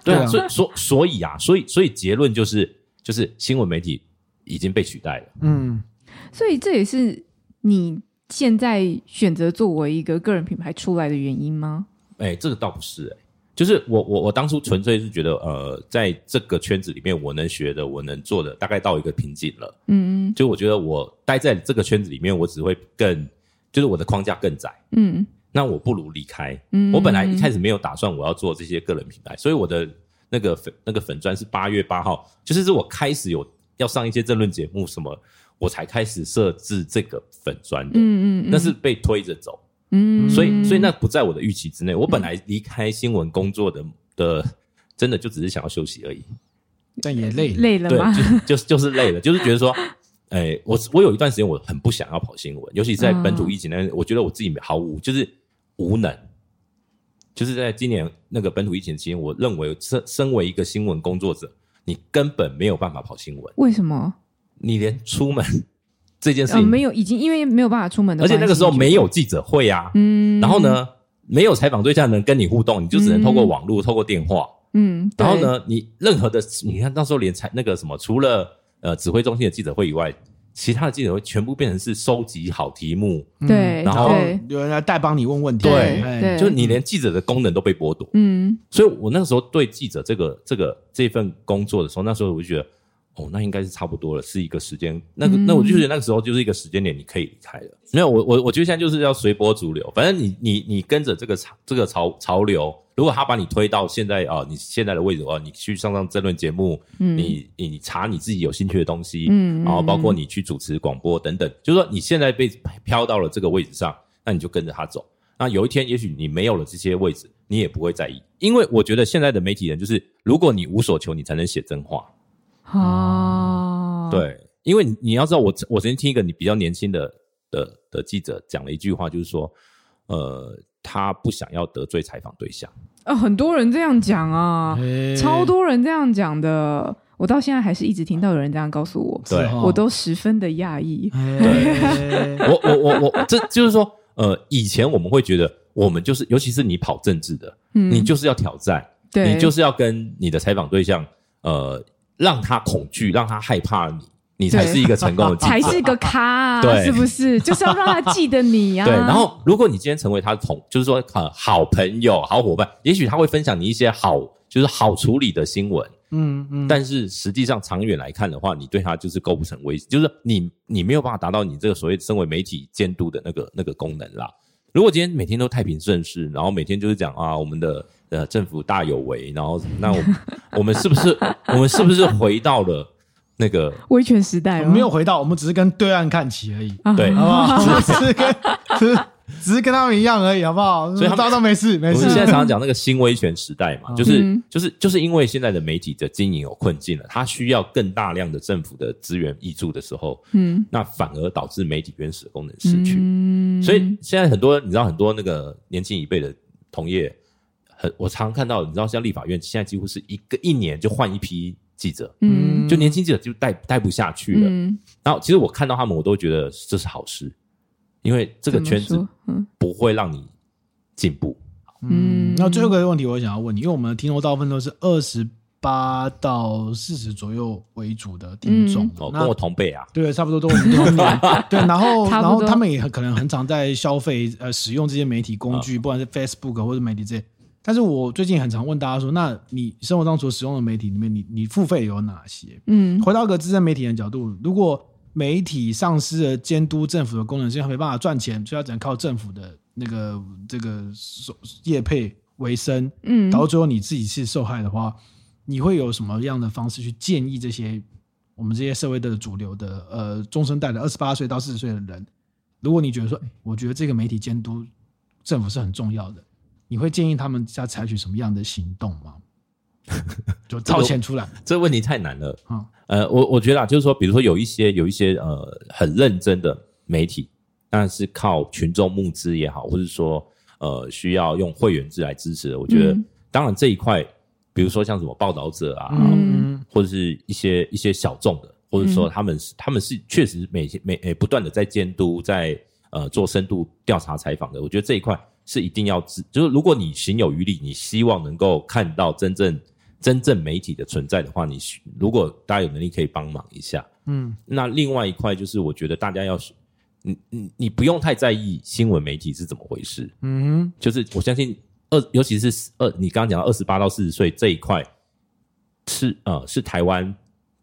對啊，啊啊啊、 所以所以啊，所以所以結論就是就是新聞媒體。已經被取代了。嗯，所以這也是你現在選擇作為一個個人品牌出來的原因嗎？哎、欸，這個倒不是哎、欸，就是我我我當初純粹是覺得，嗯、呃，在這個圈子裡面，我能學的，我能做的，大概到一個瓶頸了。嗯嗯，就我覺得我待在這個圈子裡面，我只會更就是我的框架更窄。嗯，那我不如離開。嗯，我本來一開始沒有打算我要做這些個人品牌，所以我的那個粉那個粉專是八月八號，就是是我開始有，要上一些政論節目什麼，我才開始設置這個粉專的，嗯嗯，嗯，但是被推着走，嗯，嗯，所以所以那不在我的預期之內。我本來離開新聞工作的嗯嗯的，真的就只是想要休息而已，但也累了累了，對，就就就是累了， 就是覺得說，哎、欸，我我有一段時間我很不想要跑新聞，尤其在本土疫情那，嗯、我覺得我自己毫無就是無能，就是在今年那個本土疫情期間，我認為身身為一個新聞工作者。你根本沒有辦法跑新聞，為什麼？你連出門這件事情、呃、沒有，已經因為沒有辦法出門的，而且那個時候沒有記者會啊，嗯。然後呢，沒有採訪對象能跟你互動，你就只能透過網絡，嗯、透過電話，嗯。然後呢，你任何的，你看到時候連採那個什麼，除了呃指揮中心的記者會以外。其他的記者會全部變成是收集好題目，嗯、後對，然後有人來代幫你問問題，對，就是你連記者的功能都被剝奪，嗯對，對所以我那個時候對記者這個這個這份工作的時候，那時候我就覺得，哦，那應該是差不多了，是一個時間，那個那我就覺得那個時候就是一個時間點，你可以離開了。嗯、沒有我我我覺得現在就是要隨波逐流，反正你你你跟着、這個、這個潮這個潮潮流。如果他把你推到現在啊、呃，你現在的位置哦、呃，你去上上政論節目，嗯、你你，你查你自己有興趣的東西，嗯、然後包括你去主持廣播等等，嗯嗯、就是說你現在被飄到了這個位置上，那你就跟着他走。那有一天，也許你沒有了這些位置，你也不會在意，因為我覺得現在的媒體人就是，如果你無所求，你才能寫真話。啊對，因為你你要知道我，我我曾經聽一個你比較年輕的的的記者講了一句話，就是說，呃。他不想要得罪採訪對象啊、哦，很多人這樣講啊，欸、超多人這樣講的，我到現在還是一直聽到有人這樣告訴我，對，我都十分的訝異、欸。 我我我我，這就是說，呃，以前我們會覺得，我們就是，尤其是你跑政治的，嗯、你就是要挑戰，對你就是要跟你的採訪對象，呃，讓他恐懼，讓他害怕你。你才是一個成功的，才是一個咖、啊，啊、是不是？對就是要讓他記得你呀、啊。對，然後如果你今天成為他的同，就是說呃好朋友、好伙伴，也許他會分享你一些好，就是好處理的新聞、嗯。嗯嗯。但是實際上長遠來看的話，你對他就是構不成威脅，就是你你沒有辦法達到你這個所謂身為媒體監督的那個那個功能啦。如果今天每天都太平盛世，然後每天就是講啊，我們的呃政府大有為，然後那我們, 我們是不是我們是不是回到了？那個威權時代，沒有回到，我們只是跟對岸看齊而已，對，好不好？只是跟只是只是跟他們一樣而已，好不好？所以大家都沒事沒事。我們現在常常講那個新威權時代嘛，就是就是就是因為現在的媒體的經營有困境了，它需要更大量的政府的資源挹注的時候，嗯，那反而導致媒體原始功能失去。所以現在很多你知道很多那個年輕一輩的同業，很我常看到，你知道像立法院現在幾乎是一個一年就換一批，記者，嗯，就年輕記者就待待不下去了。嗯、然後，其實我看到他們，我都覺得這是好事，因為這個圈子不會讓你進步。嗯，好嗯，那最後一個問題，我想要問你，因為我們聽眾大部分都是二十八到四十左右為主的聽眾，嗯、那跟我同輩啊，對，差不多都我們同齡 對，然後，然後他們也很可能很常在消費呃，使用這些媒體工具，嗯、不管是 Facebook 或者媒體這些。但是我最近很常問大家說，那你生活中所使用的媒體裡面，你你付費有哪些？嗯，回到個資深媒體人的角度，如果媒體喪失了監督政府的功能，現在沒辦法賺錢，所以他只能靠政府的那個這個業配為生。嗯，然後最後你自己是受害的話，你會有什麼樣的方式去建議這些我們這些社會的主流的呃中生代的二十八歲到四十歲的人？如果你覺得說，我覺得這個媒體監督政府是很重要的。你會建議他們要採取什麼樣的行動嗎？就掏錢出來？ 這問題太難了啊！嗯、呃，我我覺得啊，就是說，比如說有一些有一些呃很認真的媒體，當然是靠群眾募資也好，或者說呃需要用會員制來支持的，我覺得、嗯、當然這一塊，比如說像什麼報道者啊，嗯、或者是一些一些小眾的，或者說他們、嗯、他們是他們是確實每每、欸、不斷的在監督，在呃做深度調查採訪的，我覺得這一塊。是一定要，就是如果你行有餘力，你希望能夠看到真正真正媒體的存在的話，你如果大家有能力可以幫忙一下，嗯，那另外一塊就是我覺得大家要，你你你不用太在意新聞媒體是怎麼回事，嗯，就是我相信呃尤其是呃你剛剛講到二十八到四十歲這一塊是呃是台灣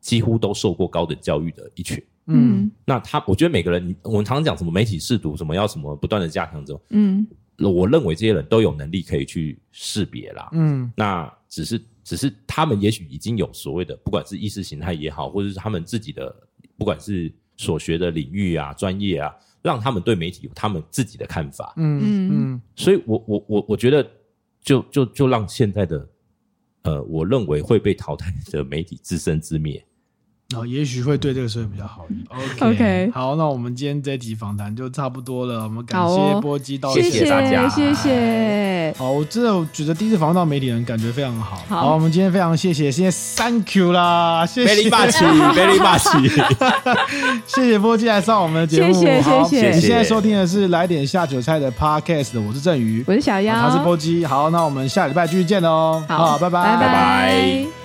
幾乎都受過高等教育的一群，嗯，那他我覺得每個人我們常常講什麼媒體識讀，什麼要什麼不斷的加強這種，嗯。我認為這些人都有能力可以去識別啦。嗯，那只是只是他們也許已經有所謂的，不管是意識形態也好，或者是他們自己的，不管是所學的領域啊、專業啊，讓他們對媒體有他們自己的看法。嗯嗯嗯。嗯，所以我我我我覺得就，就就就讓現在的呃，我認為會被淘汰的媒體自生自滅。哦，也許會對這個社會比較好一點。OK，好，那我們今天這集訪談就差不多了。我們感謝剝雞到謝謝大家，謝謝。好，我真的覺得第一次訪問到媒體人感覺非常好。好，我們今天非常謝謝，謝謝 Thank you 啦，謝謝你霸氣，very 霸氣，謝謝剝雞來上我們的節目，謝謝謝謝。你現在收聽的是《來點下酒菜》的 Podcast，我是鄭宇，我是小妖，他是剝雞。好，那我們下禮拜繼續見哦。好，拜拜拜拜。